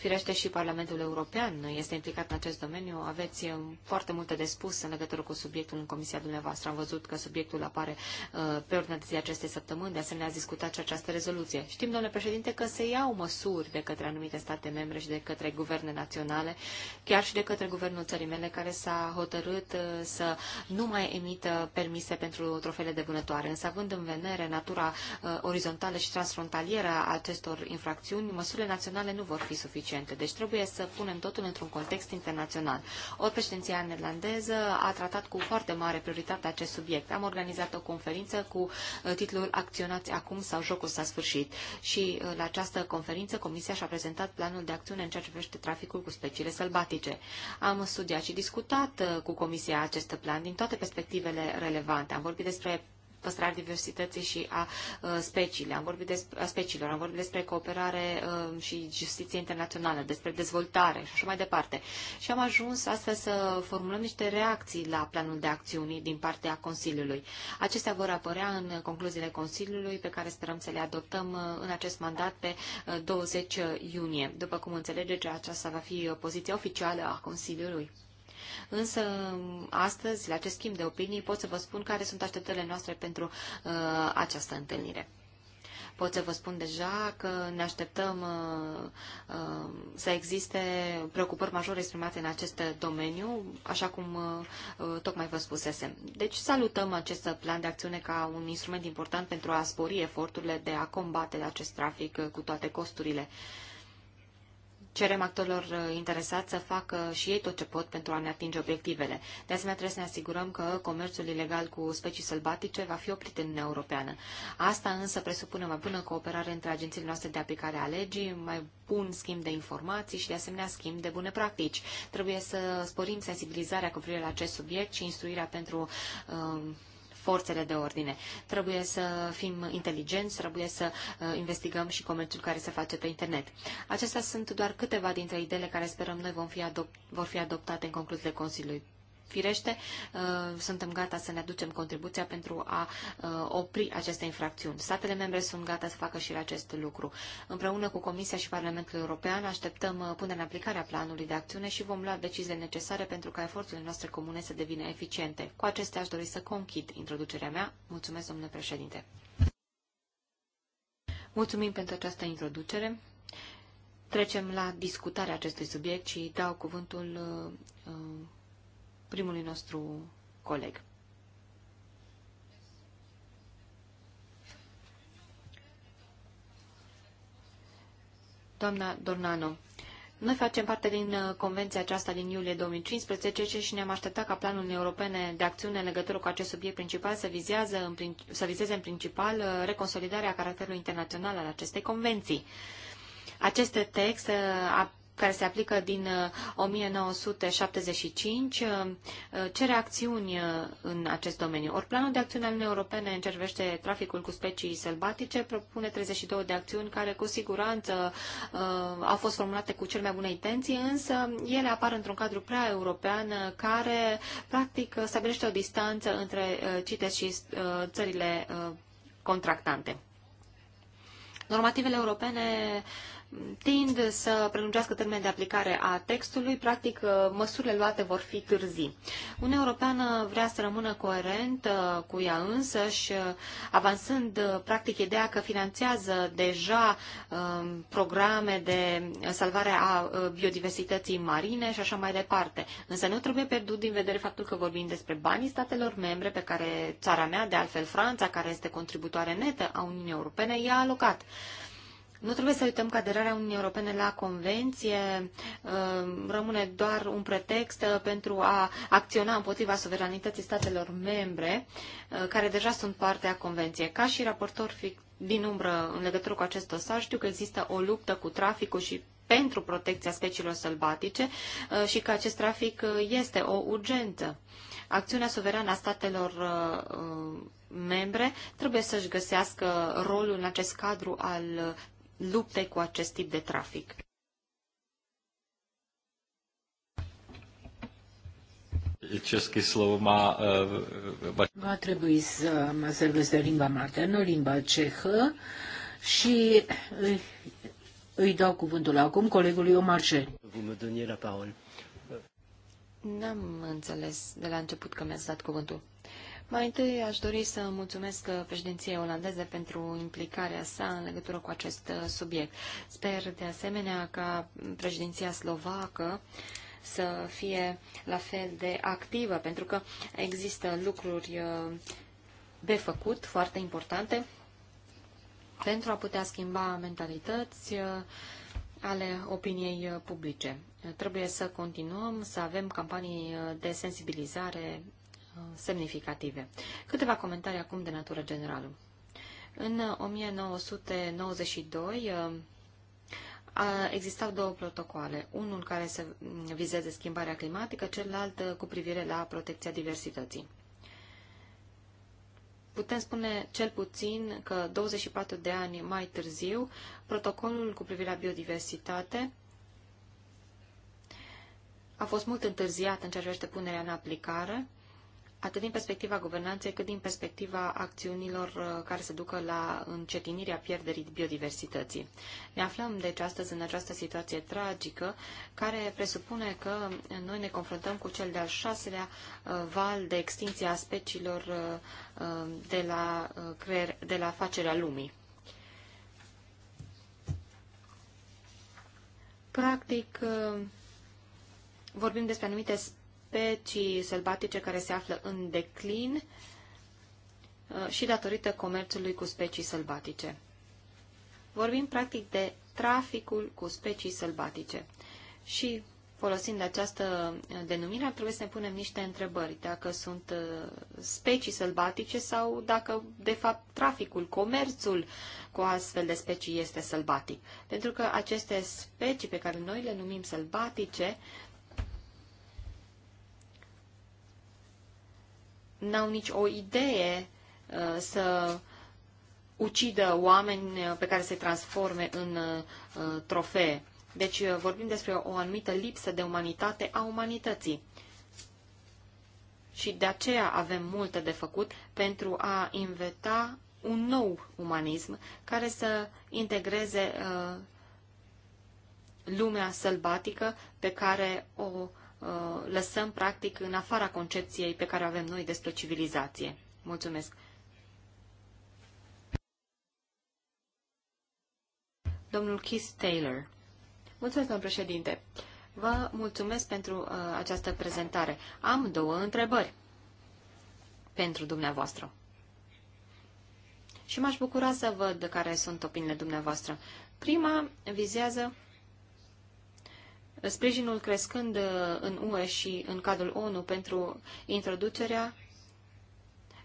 Firește și Parlamentul European este implicat în acest domeniu. Aveți um, foarte multe de spus în legătură cu subiectul în comisia dumneavoastră. Am văzut că subiectul apare uh, pe ordinea de zi acestei săptămâni. De asemenea, a discutat și această rezoluție. Știm, domnule președinte, că se iau măsuri de către anumite state membre și de către guverne naționale, chiar și de către guvernul țării mele, care s-a hotărât uh, să nu mai emită permise pentru trofele de vânătoare. Însă, având în vedere natura uh, orizontală și transfrontalieră a acestor infracțiuni, măsurile naționale nu vor fi suficiente suficiente. Deci trebuie să punem totul într-un context internațional. O președinția neerlandeză a tratat cu foarte mare prioritate acest subiect. Am organizat o conferință cu uh, titlul Acționați acum sau jocul s-a sfârșit. Și uh, la această conferință Comisia și-a prezentat planul de acțiune în ceea ce privește traficul cu speciile sălbatice. Am studiat și discutat uh, cu Comisia acest plan din toate perspectivele relevante. Am vorbit despre păstrarea diversității și a uh, speciilor. Am vorbit despre, a speciilor, am vorbit despre cooperare uh, și justiție internațională, despre dezvoltare și așa mai departe. Și am ajuns astfel să formulăm niște reacții la planul de acțiuni din partea Consiliului. Acestea vor apărea în concluziile Consiliului pe care sperăm să le adoptăm uh, în acest mandat pe 20 iunie. După cum înțelegeți, aceasta va fi poziția oficială a Consiliului. Însă, astăzi, la acest schimb de opinii, pot să vă spun care sunt așteptările noastre pentru uh, această întâlnire pot să vă spun deja că ne așteptăm uh, uh, să existe preocupări majore exprimate în acest domeniu, așa cum uh, uh tocmai vă spusesem. Deci salutăm acest plan de acțiune ca un instrument important pentru a spori eforturile de a combate acest trafic cu toate costurile. Uh, cerem actorilor uh, interesați să facă și ei tot ce pot pentru a ne atinge obiectivele. De asemenea, trebuie să ne asigurăm că comerțul ilegal cu specii sălbatice va fi oprit în Uniunea Europeană. Asta însă presupune mai bună cooperare între agențiile noastre de aplicare a legii, mai bun schimb de informații și de asemenea schimb de bune practici. Trebuie să sporim sensibilizarea cu privire la acest subiect și instruirea pentru uh, forțele de ordine. Trebuie să fim inteligenți, trebuie să uh, investigăm și comerțul care se face pe internet. Acestea sunt doar câteva dintre ideile care sperăm noi vom fi adop- vor fi adoptate în concluziile Consiliului Firește, uh, suntem gata să ne aducem contribuția pentru a uh, opri aceste infracțiuni. Statele membre sunt gata să facă și acest lucru. Împreună cu Comisia și Parlamentul European așteptăm uh, punerea în aplicare a planului de acțiune și vom lua deciziile necesare pentru ca eforturile noastre comune să devină eficiente. Cu acestea aș dori să conchid introducerea mea. Mulțumesc, domnule președinte. Mulțumim pentru această introducere. Trecem la discutarea acestui subiect și dau cuvântul uh, primului nostru coleg. Doamna Dornano, noi facem parte din uh, convenția aceasta din iulie 2015 și ne-am așteptat ca planul europene de acțiune în legătură cu acest subiect principal să, vizează în, să vizeze în principal uh, reconsolidarea caracterului internațional al acestei convenții. Acest text a uh, care se aplică din 1975 ce reacțiuni în acest domeniu. Ori planul de acțiune al Uniunii Europene încervește traficul cu specii sălbatice, propune 32 de acțiuni care cu siguranță uh, au fost formulate cu cel mai bune intenții, însă ele apar într-un cadru prea european uh, care practic uh, stabilește o distanță între CITES și țările contractante. Normativele europene uh, tind să prelungească termenul de aplicare a textului, practic uh, măsurile luate vor fi târzii. Uniunea Europeană vrea să rămână coerentă uh, cu ea însă și uh, avansând practic ideea că finanțează deja um, programe de salvare a biodiversității marine și așa mai departe. Însă nu trebuie pierdut din vedere faptul că vorbim despre banii statelor membre pe care țara mea, de altfel Franța, care este contributoare netă a Uniunii Europene, i-a alocat. Nu trebuie să uităm că aderarea Uniunii Europene la convenție uh, rămâne doar un pretext uh, pentru a acționa împotriva suveranității statelor membre, uh, care deja sunt parte a convenției. Ca și raportor din umbră în legătură cu acest dosar, știu că există o luptă cu traficul și pentru protecția speciilor sălbatice și că acest trafic este o urgență. Acțiunea suverană a statelor membre trebuie să-și găsească rolul în acest cadru al lupte cu acest tip de trafic. Český slovo má... Eh, va trebui să mă servesc de limba maternă, limba cehă, și îi, dau cuvântul acum colegului Omar Vă la parole. N-am înțeles de la început că mi-ați dat cuvântul. Mai întâi aș dori să mulțumesc uh, președinției olandeze pentru implicarea sa în legătură cu acest uh, subiect. Sper de asemenea ca președinția slovacă să fie la fel de activă, pentru că există lucruri uh, de făcut foarte importante pentru a putea schimba mentalități ale opiniei publice. Trebuie să continuăm să avem campanii de sensibilizare semnificative. Câteva comentarii acum de natură generală. În 1992 uh, uh, existau două protocoale, unul care se vizeze schimbarea climatică, celălalt uh, cu privire la protecția diversității. Putem spune cel puțin că 24 de ani mai târziu, protocolul cu privire la biodiversitate a fost mult întârziat în ceea ce privește punerea în aplicare atât din perspectiva guvernanței, cât din perspectiva acțiunilor uh, care se ducă la încetinirea pierderii biodiversității. Ne aflăm, deci, astăzi în această situație tragică, care presupune că noi ne confruntăm cu cel de-al șaselea uh, val de extinție a speciilor uh, de la, creier, de la facerea lumii. Practic, vorbim despre anumite specii specii sălbatice care se află în declin uh, și datorită comerțului cu specii sălbatice. Vorbim practic de traficul cu specii sălbatice. Și folosind această denumire, trebuie să ne punem niște întrebări, dacă sunt uh, specii sălbatice sau dacă, de fapt, traficul, comerțul cu astfel de specii este sălbatic. Pentru că aceste specii pe care noi le numim sălbatice n-au nici o idee uh, să ucidă oameni uh, pe care se transforme în uh, trofee. Deci vorbim despre o anumită lipsă de umanitate a umanității. Și de aceea avem multe de făcut pentru a inveta un nou umanism care să integreze lumea sălbatică pe care o Uh, lăsăm practic în afara concepției pe care o avem noi despre civilizație. Mulțumesc! Domnul Keith Taylor. Mulțumesc, domnul președinte. Vă mulțumesc pentru uh, această prezentare. Am două întrebări pentru dumneavoastră. Și m-aș bucura să văd care sunt opiniile dumneavoastră. Prima vizează sprijinul crescând uh, în UE și în cadrul ONU pentru introducerea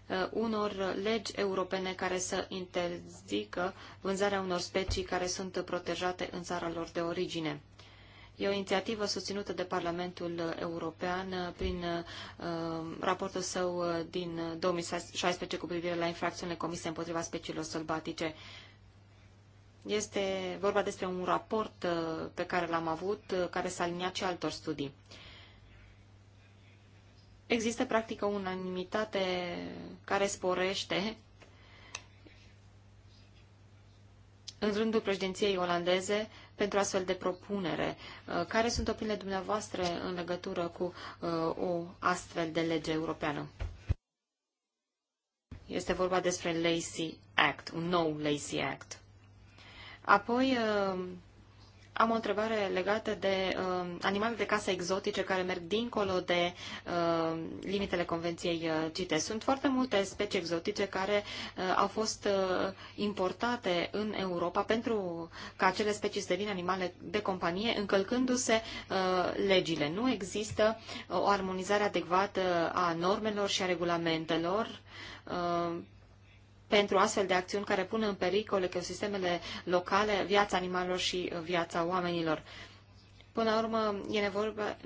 uh, unor legi europene care să interzică vânzarea unor specii care sunt protejate în țara lor de origine. E o inițiativă susținută de Parlamentul European uh, prin uh, raportul său din 2016 cu privire la infracțiunile comise împotriva speciilor sălbatice. Uh, este vorba despre un raport uh, pe care l-am avut, uh, care s-a aliniat și altor studii. Există practic o unanimitate care sporește în rândul președinției olandeze pentru astfel de propunere. Uh, care sunt opiniile dumneavoastră în legătură cu o astfel de lege europeană? Este vorba despre Lacey Act, un nou Lacey Act. Apoi uh, am o întrebare legată de uh, animale de casă exotice care merg dincolo de uh, limitele Convenției uh, CITES. Sunt foarte multe specii exotice care uh, au fost uh, importate în Europa pentru ca acele specii să devină animale de companie, încălcându-se uh, legile. Nu există uh, o armonizare adecvată uh, a normelor și a regulamentelor. Uh, pentru astfel de acțiuni care pun în pericol ecosistemele locale, viața animalelor și viața oamenilor. Până la urmă, e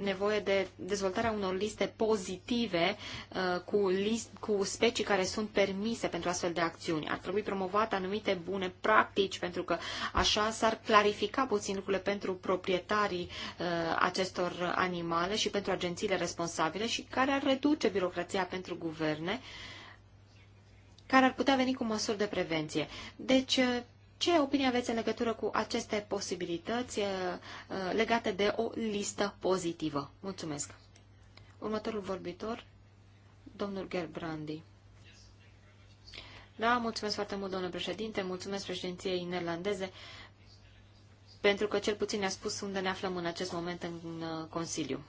nevoie de dezvoltarea unor liste pozitive uh, cu, list, cu specii care sunt permise pentru astfel de acțiuni. Ar trebui promovate anumite bune practici, pentru că așa s-ar clarifica puțin lucrurile pentru proprietarii uh, acestor animale și pentru agențiile responsabile și care ar reduce birocrația pentru guverne. Uh, care ar putea veni cu măsuri de prevenție. Deci, uh, ce opinie aveți în legătură cu aceste posibilități uh, uh, legate de o listă pozitivă? Mulțumesc. Următorul vorbitor, domnul Gerbrandi. Da, mulțumesc foarte mult, domnule președinte, mulțumesc președinției neerlandeze, pentru că cel puțin ne-a spus unde ne aflăm în acest moment în Consiliu.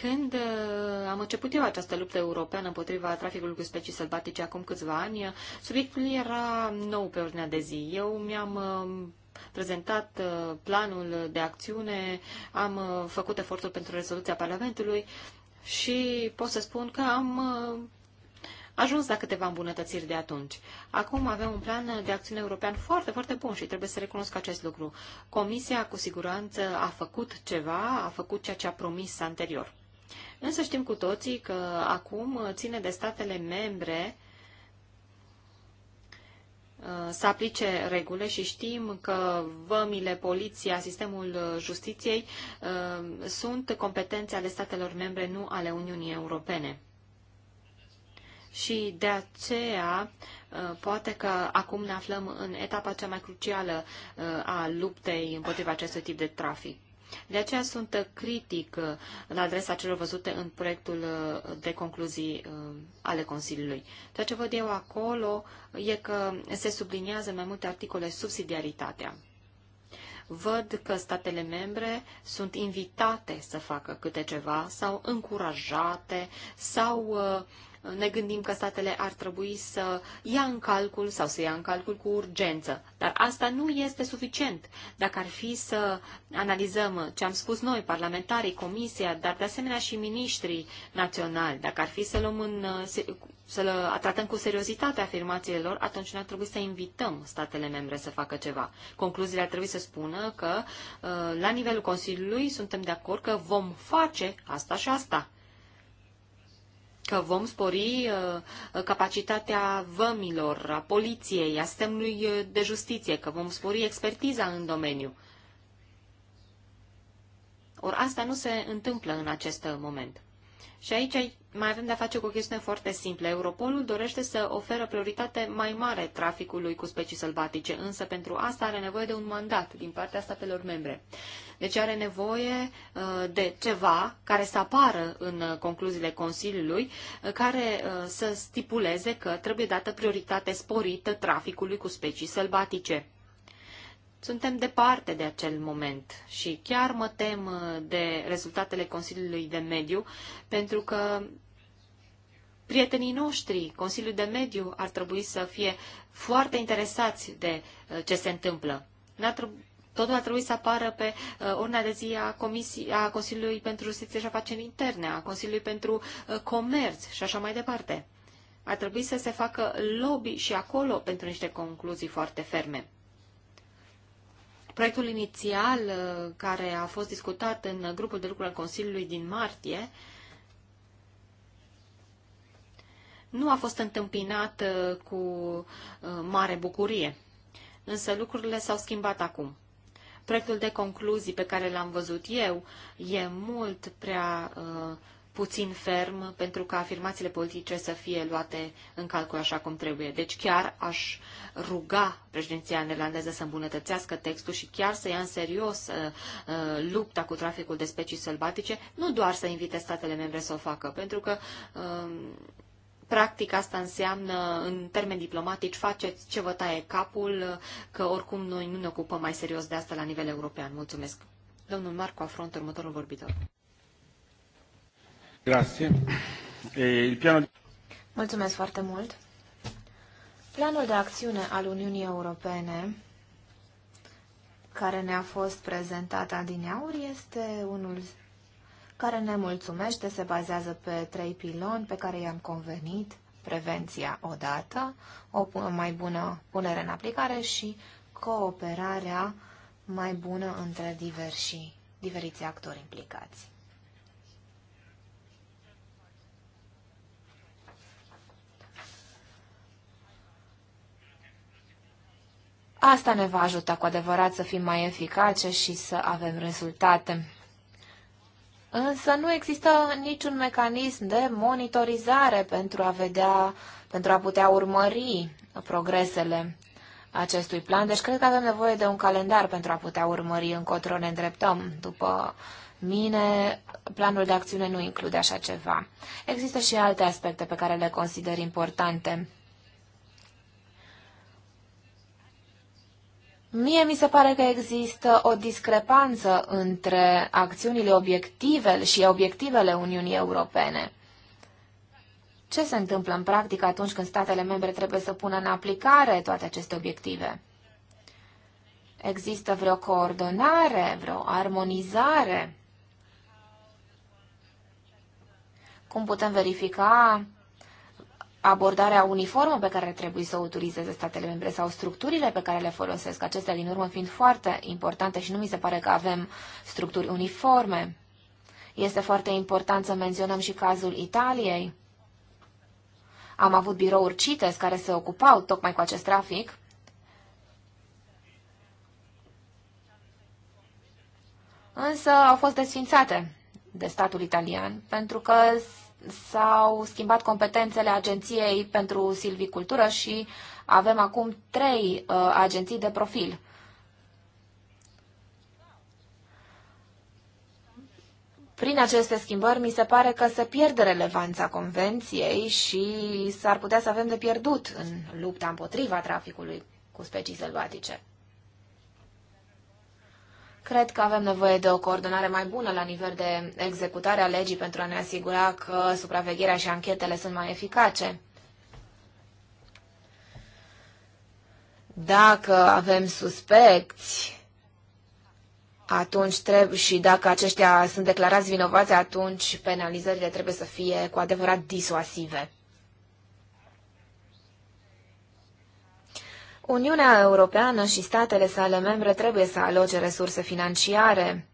Când uh, am început eu această luptă europeană împotriva traficului cu specii sălbatice acum câțiva ani, subiectul era nou pe ordinea de zi. Eu mi-am um, prezentat uh, planul de acțiune, am uh, făcut efortul pentru rezoluția Parlamentului și pot să spun că am ajuns la câteva îmbunătățiri de atunci. Acum avem un plan de acțiune european foarte, foarte bun și trebuie să recunosc acest lucru. Comisia, cu siguranță, a făcut ceva, a făcut ceea ce a promis anterior. Însă știm cu toții că acum ține de statele membre uh, să aplice regulile și știm că vămile, poliția, sistemul justiției uh, sunt competențe ale statelor membre, nu ale Uniunii Europene. Și de aceea, uh, poate că acum ne aflăm în etapa cea mai crucială a luptei împotriva acestui tip de trafic. De aceea sunt critic uh, la adresa celor văzute în proiectul uh, de concluzii uh, ale Consiliului. Ceea ce văd eu acolo e că se subliniază mai multe articole subsidiaritatea văd că statele membre sunt invitate să facă câte ceva sau încurajate sau ne gândim că statele ar trebui să ia în calcul sau să ia în calcul cu urgență. Dar asta nu este suficient. Dacă ar fi să analizăm ce am spus noi, parlamentarii, comisia, dar de asemenea și miniștrii naționali, dacă ar fi să luăm în să le tratăm cu seriozitate afirmațiile lor, atunci noi ar trebui să invităm statele membre să facă ceva. Concluziile ar trebui să spună că uh, la nivelul Consiliului suntem de acord că vom face asta și asta că vom spori uh, capacitatea vămilor, a poliției, a sistemului uh, de justiție, că vom spori expertiza în domeniu. Or asta nu se întâmplă în acest moment. Și aici mai avem de-a face cu o chestiune foarte simplă. Europolul dorește să oferă prioritate mai mare traficului cu specii sălbatice, însă pentru asta are nevoie de un mandat din partea statelor membre. Deci are nevoie uh, de ceva care să apară în uh, concluziile Consiliului, uh, care să stipuleze că trebuie dată prioritate sporită traficului cu specii sălbatice. Suntem departe de acel moment și chiar mă tem uh, de rezultatele Consiliului de Mediu, pentru că prietenii noștri, Consiliul de Mediu, ar trebui să fie foarte interesați de uh, ce se întâmplă. ar trebui Totul ar trebui să apară pe urna uh, de zi a, comisii, a Consiliului pentru Justiție și Afaceri Interne, a Consiliului pentru Comerț și așa mai departe. Ar trebui să se facă lobby și acolo pentru niște concluzii foarte ferme. Proiectul inițial uh, care a fost discutat în grupul de lucru al Consiliului din martie nu a fost întâmpinat uh, cu uh, mare bucurie, însă lucrurile s-au schimbat acum. Proiectul de concluzii pe care l-am văzut eu e mult prea uh, puțin ferm pentru ca afirmațiile politice să fie luate în calcul așa cum trebuie. Deci chiar aș ruga președinția neerlandeză să îmbunătățească textul și chiar să ia în serios uh, uh lupta cu traficul de specii sălbatice, nu doar să invite statele membre să o facă, pentru că uh, practic asta înseamnă, în termeni diplomatici, faceți ce vă taie capul, că oricum noi nu ne ocupăm mai serios de asta la nivel european. Mulțumesc. Domnul Marco Afront, următorul vorbitor. Mulțumesc foarte mult. Planul de acțiune al Uniunii Europene care ne-a fost prezentat adineauri este unul care ne mulțumește, se bazează pe trei piloni pe care i-am convenit, prevenția odată, o mai bună punere în aplicare și cooperarea mai bună între diversi, diferiți actori implicați. Asta ne va ajuta cu adevărat să fim mai eficace și să avem rezultate. Însă nu există niciun mecanism de monitorizare pentru a vedea, pentru a putea urmări progresele acestui plan. Deci cred că avem nevoie de un calendar pentru a putea urmări încotro ne îndreptăm. După mine, planul de acțiune nu include așa ceva. Există și alte aspecte pe care le consider importante. Mie mi se pare că există o discrepanță între acțiunile obiective și obiectivele Uniunii Europene. Ce se întâmplă în practică atunci când statele membre trebuie să pună în aplicare toate aceste obiective? Există vreo coordonare, vreo armonizare? Cum putem verifica abordarea uniformă pe care trebuie să o utilizeze statele membre sau structurile pe care le folosesc, acestea din urmă fiind foarte importante și nu mi se pare că avem structuri uniforme. Este foarte important să menționăm și cazul Italiei. Am avut birouri CITES care se ocupau tocmai cu acest trafic. Însă au fost desfințate de statul italian pentru că s-au schimbat competențele Agenției pentru Silvicultură și avem acum trei uh, agenții de profil. Prin aceste schimbări, mi se pare că se pierde relevanța convenției și s-ar putea să avem de pierdut în lupta împotriva traficului cu specii sălbatice. Cred că avem nevoie de o coordonare mai bună la nivel de executare a legii pentru a ne asigura că supravegherea și anchetele sunt mai eficace. Dacă avem suspecți, atunci trebuie și dacă aceștia sunt declarați vinovați, atunci penalizările trebuie să fie cu adevărat disuasive. Uniunea Europeană și statele sale membre trebuie să aloce resurse financiare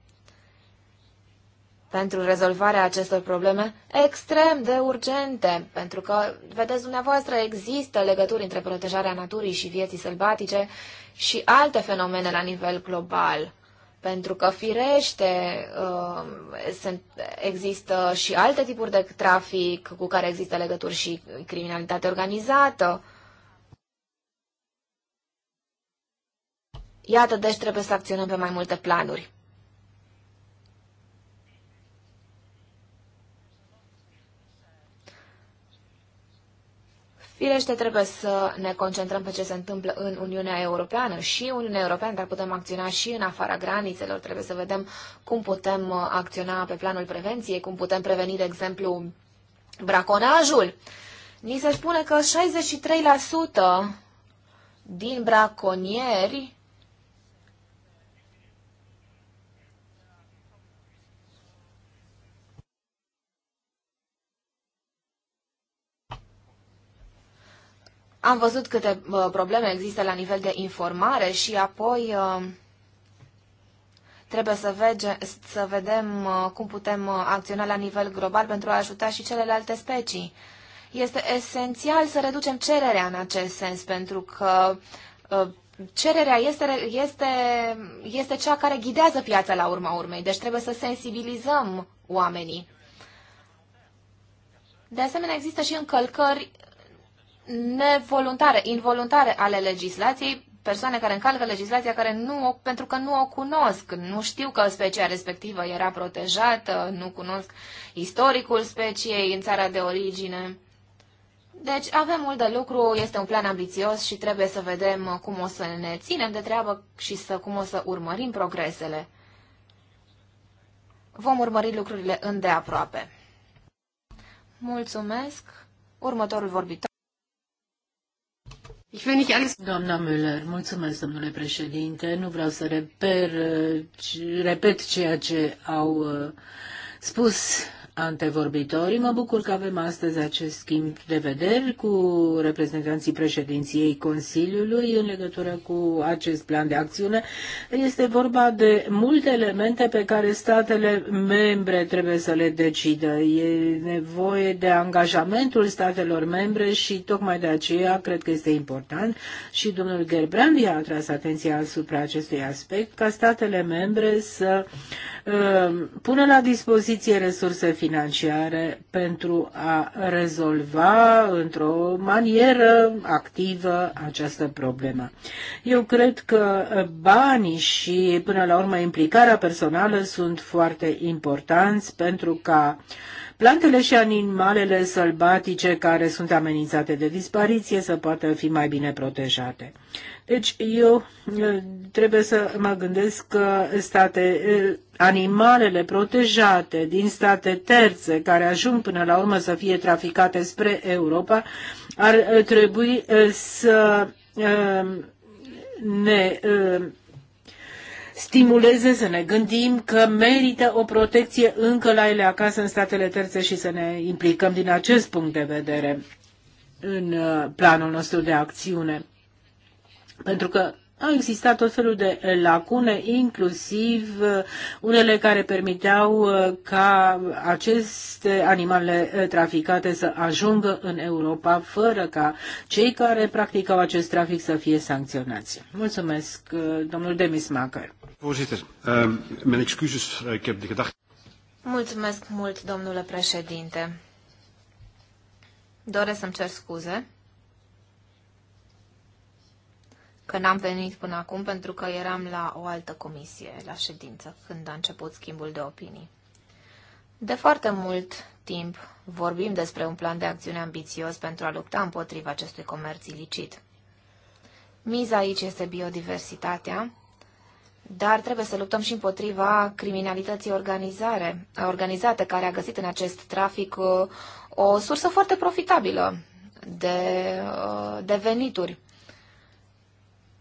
pentru rezolvarea acestor probleme extrem de urgente, pentru că, vedeți dumneavoastră, există legături între protejarea naturii și vieții sălbatice și alte fenomene la nivel global. Pentru că, firește, uh, există și alte tipuri de trafic cu care există legături și criminalitate organizată. Iată, deci trebuie să acționăm pe mai multe planuri. Firește, trebuie să ne concentrăm pe ce se întâmplă în Uniunea Europeană și Uniunea Europeană, dar putem acționa și în afara granițelor. Trebuie să vedem cum putem uh, acționa pe planul prevenției, cum putem preveni, de exemplu, braconajul. Ni se spune că 63% din braconieri Am văzut câte uh, probleme există la nivel de informare și apoi uh, trebuie să, vege, să vedem uh, cum putem acționa la nivel global pentru a ajuta și celelalte specii. Este esențial să reducem cererea în acest sens, pentru că cererea este, este, este cea care ghidează piața la urma urmei, deci trebuie să sensibilizăm oamenii. De asemenea, există și încălcări nevoluntare, involuntare ale legislației, persoane care încalcă legislația care nu o, pentru că nu o cunosc, nu știu că specia respectivă era protejată, nu cunosc istoricul speciei în țara de origine. Deci avem mult de lucru, este un plan ambițios și trebuie să vedem cum o să ne ținem de treabă și să cum o să urmărim progresele. Vom urmări lucrurile îndeaproape. Mulțumesc. Următorul vorbitor. Doamna Müller, mulțumesc, domnule președinte. Nu vreau să reper, repet ceea ce au uh, spus antevorbitorii. Mă bucur că avem astăzi acest schimb de vederi cu reprezentanții președinției Consiliului în legătură cu acest plan de acțiune. Este vorba de multe elemente pe care statele membre trebuie să le decidă. E nevoie de angajamentul statelor membre și tocmai de aceea cred că este important și domnul Gerbrandi a atras atenția asupra acestui aspect ca statele membre să uh, pună la dispoziție resurse financiare financiare pentru a rezolva într-o manieră activă această problemă. Eu cred că banii și, până la urmă, implicarea personală sunt foarte importanți pentru ca uh, plantele și animalele sălbatice care sunt amenințate de dispariție să poată fi mai bine protejate. Deci eu trebuie să mă gândesc că state, animalele protejate din state terțe care ajung până la urmă să fie traficate spre Europa ar trebui să ne stimuleze să ne gândim că merită o protecție încă la ele acasă în statele terțe și să ne implicăm din acest punct de vedere în uh, planul nostru de acțiune. Pentru că au existat tot felul de lacune, inclusiv uh, unele care permiteau uh, ca aceste animale traficate să ajungă în Europa fără ca cei care practicau acest trafic să fie sancționați. Mulțumesc, domnul Demismacher. Voorzitter, ehm, mijn excuses, eh, ik heb de gedachte... Mulțumesc mult, domnule președinte. Doresc să-mi cer scuze că n-am venit până acum pentru că eram la o altă comisie, la ședință, când a început schimbul de opinii. De foarte mult timp vorbim despre un plan de acțiune ambițios pentru a lupta împotriva acestui comerț ilicit. Miza aici este biodiversitatea, dar trebuie să luptăm și împotriva criminalității organizare, organizate, care a găsit în acest trafic o, uh, o sursă foarte profitabilă de, uh, de venituri.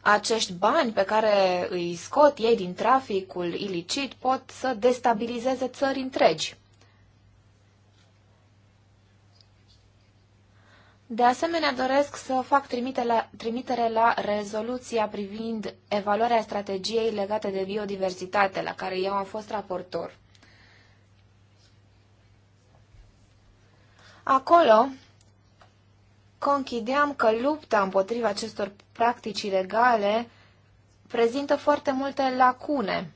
Acești bani pe care îi scot ei din traficul ilicit pot să destabilizeze țări întregi. De asemenea, doresc să fac la, trimitere la rezoluția privind evaluarea strategiei legate de biodiversitate, la care eu am fost raportor. Acolo conchideam că lupta împotriva acestor practici ilegale prezintă foarte multe lacune.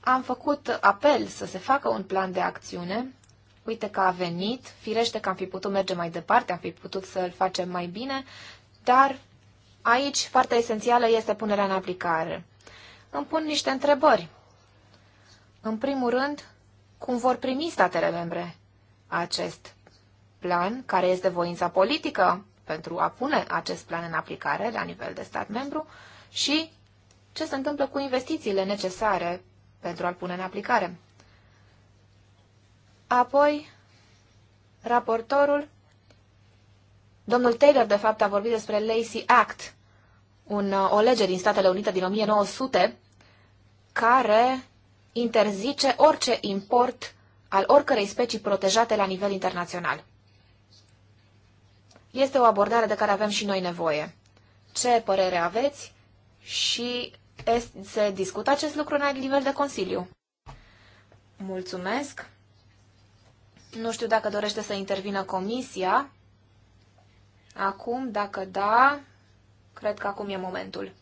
Am făcut apel să se facă un plan de acțiune uite că a venit, firește că am fi putut merge mai departe, am fi putut să-l facem mai bine, dar aici partea esențială este punerea în aplicare. Îmi pun niște întrebări. În primul rând, cum vor primi statele membre acest plan, care este voința politică pentru a pune acest plan în aplicare la nivel de stat membru și ce se întâmplă cu investițiile necesare pentru a-l pune în aplicare. Apoi, raportorul, domnul Taylor, de fapt, a vorbit despre Lacey Act, un, uh, o lege din Statele Unite din 1900, care interzice orice import al oricărei specii protejate la nivel internațional. Este o abordare de care avem și noi nevoie. Ce părere aveți? Și se discută acest lucru la nivel de Consiliu. Mulțumesc! Nu știu dacă dorește să intervină comisia. Acum, dacă da, cred că acum e momentul.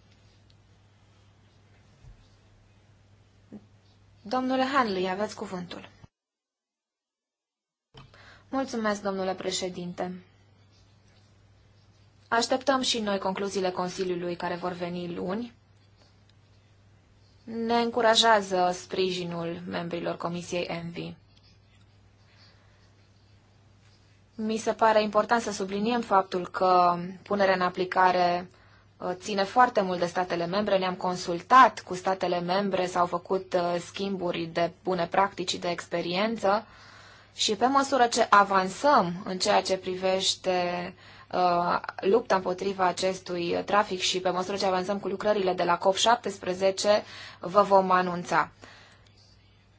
Domnule Hanley, aveți cuvântul. Mulțumesc, domnule președinte. Așteptăm și noi concluziile Consiliului care vor veni luni. Ne încurajează sprijinul membrilor Comisiei Envi. Mi se pare important să subliniem faptul că punerea în aplicare uh, ține foarte mult de statele membre. Ne-am consultat cu statele membre, s-au făcut uh, schimburi de bune practici, de experiență și pe măsură ce avansăm în ceea ce privește uh, lupta împotriva acestui trafic și pe măsură ce avansăm cu lucrările de la COP17, vă vom anunța.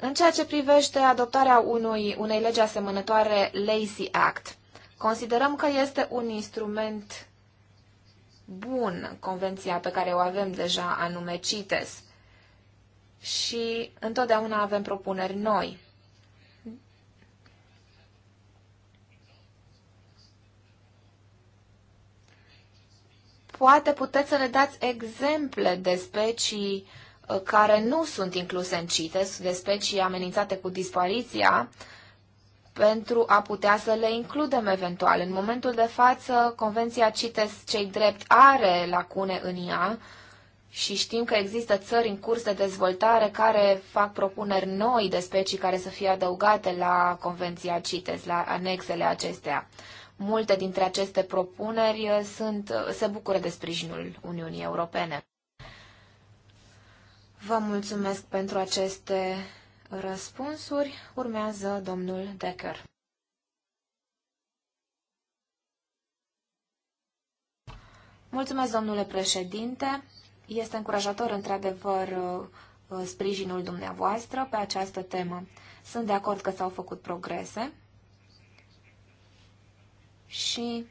În ceea ce privește adoptarea unui, unei legi asemănătoare Lazy Act, considerăm că este un instrument bun convenția pe care o avem deja, anume CITES, și întotdeauna avem propuneri noi. Poate puteți să ne dați exemple de specii uh, care nu sunt incluse în CITES, de specii amenințate cu dispariția, pentru a putea să le includem eventual. În momentul de față, Convenția CITES cei drept are lacune în ea și știm că există țări în curs de dezvoltare care fac propuneri noi de specii care să fie adăugate la Convenția CITES, la anexele acestea. Multe dintre aceste propuneri sunt, se bucură de sprijinul Uniunii Europene. Vă mulțumesc pentru aceste răspunsuri. Urmează domnul Decker. Mulțumesc, domnule președinte. Este încurajator, într-adevăr, uh, sprijinul dumneavoastră pe această temă. Sunt de acord că s-au făcut progrese și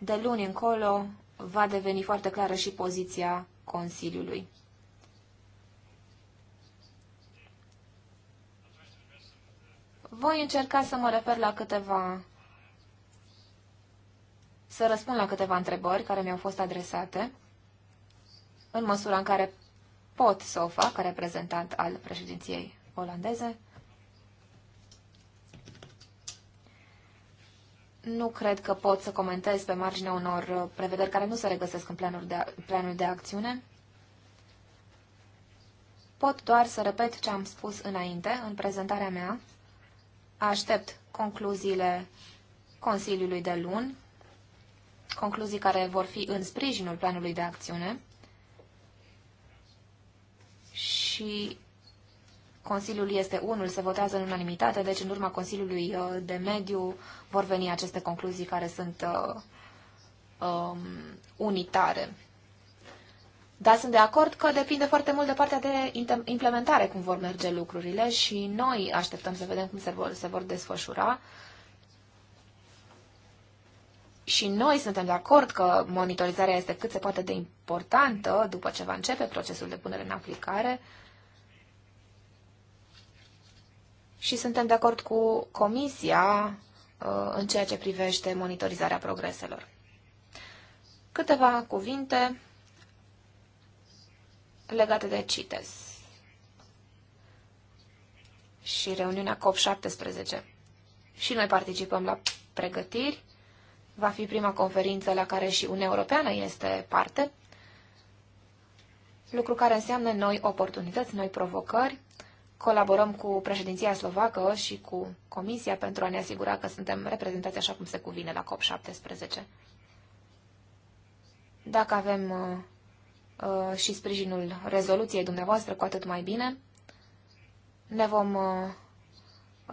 de luni încolo va deveni foarte clară și poziția Consiliului. Voi încerca să mă refer la câteva... să răspund la câteva întrebări care mi-au fost adresate, în măsura în care pot să o fac ca reprezentant al președinției olandeze. Nu cred că pot să comentez pe marginea unor prevederi care nu se regăsesc în planul de, planul de acțiune. Pot doar să repet ce am spus înainte, în prezentarea mea, Aștept concluziile Consiliului de luni, concluzii care vor fi în sprijinul planului de acțiune și Consiliul este unul, se votează în unanimitate, deci în urma Consiliului uh, de Mediu vor veni aceste concluzii care sunt uh, um, unitare. Dar sunt de acord că depinde foarte mult de partea de implementare cum vor merge lucrurile și noi așteptăm să vedem cum se vor, se vor desfășura. Și noi suntem de acord că monitorizarea este cât se poate de importantă după ce va începe procesul de punere în aplicare. Și suntem de acord cu Comisia uh, în ceea ce privește monitorizarea progreselor. Câteva cuvinte legate de CITES și reuniunea COP17. Și noi participăm la pregătiri. Va fi prima conferință la care și Uniunea Europeană este parte, lucru care înseamnă noi oportunități, noi provocări. Colaborăm cu președinția slovacă și cu Comisia pentru a ne asigura că suntem reprezentați așa cum se cuvine la COP17. Dacă avem uh, Uh, și sprijinul rezoluției dumneavoastră, cu atât mai bine. Ne vom, uh,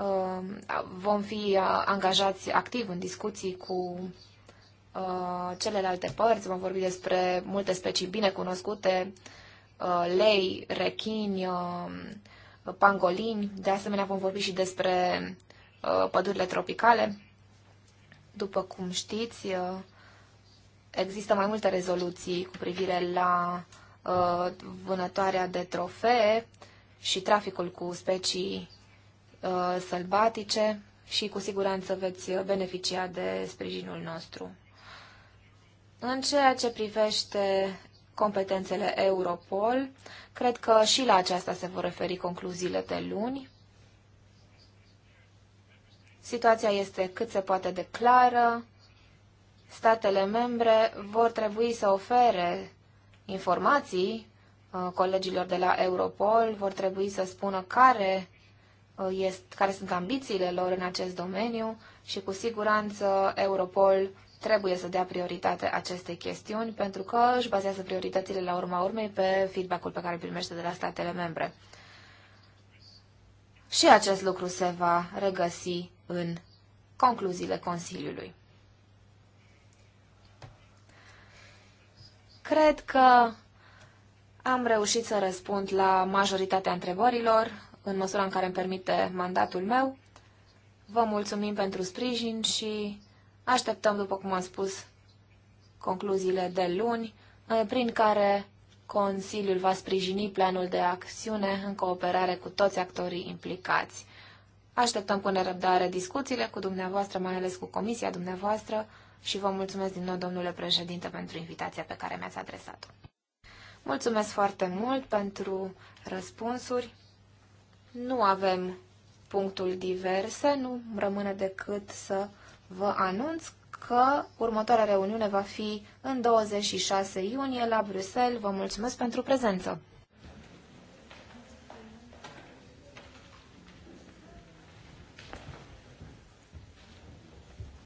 uh, vom fi angajați activ în discuții cu celelalte părți, vom vorbi despre multe specii bine cunoscute, lei, rechini, pangolini, de asemenea vom vorbi și despre pădurile tropicale. După cum știți, Există mai multe rezoluții cu privire la uh, vânătoarea de trofee și traficul cu specii uh, sălbatice și cu siguranță veți beneficia de sprijinul nostru. În ceea ce privește competențele Europol, cred că și la aceasta se vor referi concluziile de luni. Situația este cât se poate de clară statele membre vor trebui să ofere informații uh, colegilor de la Europol, vor trebui să spună care, uh, este, care sunt ambițiile lor în acest domeniu și cu siguranță Europol trebuie să dea prioritate acestei chestiuni pentru că își bazează prioritățile la urma urmei pe feedback-ul pe care îl primește de la statele membre. Și acest lucru se va regăsi în concluziile Consiliului. Cred că am reușit să răspund la majoritatea întrebărilor, în măsura în care îmi permite mandatul meu. Vă mulțumim pentru sprijin și așteptăm, după cum am spus, concluziile de luni, eh, prin care Consiliul va sprijini planul de acțiune în cooperare cu toți actorii implicați. Așteptăm cu nerăbdare discuțiile cu dumneavoastră, mai ales cu comisia dumneavoastră, și vă mulțumesc din nou, domnule președinte, pentru invitația pe care mi-ați adresat-o. Mulțumesc foarte mult pentru răspunsuri. Nu avem punctul diverse, nu rămâne decât să vă anunț că următoarea reuniune va fi în 26 iunie la Bruxelles. Vă mulțumesc pentru prezență!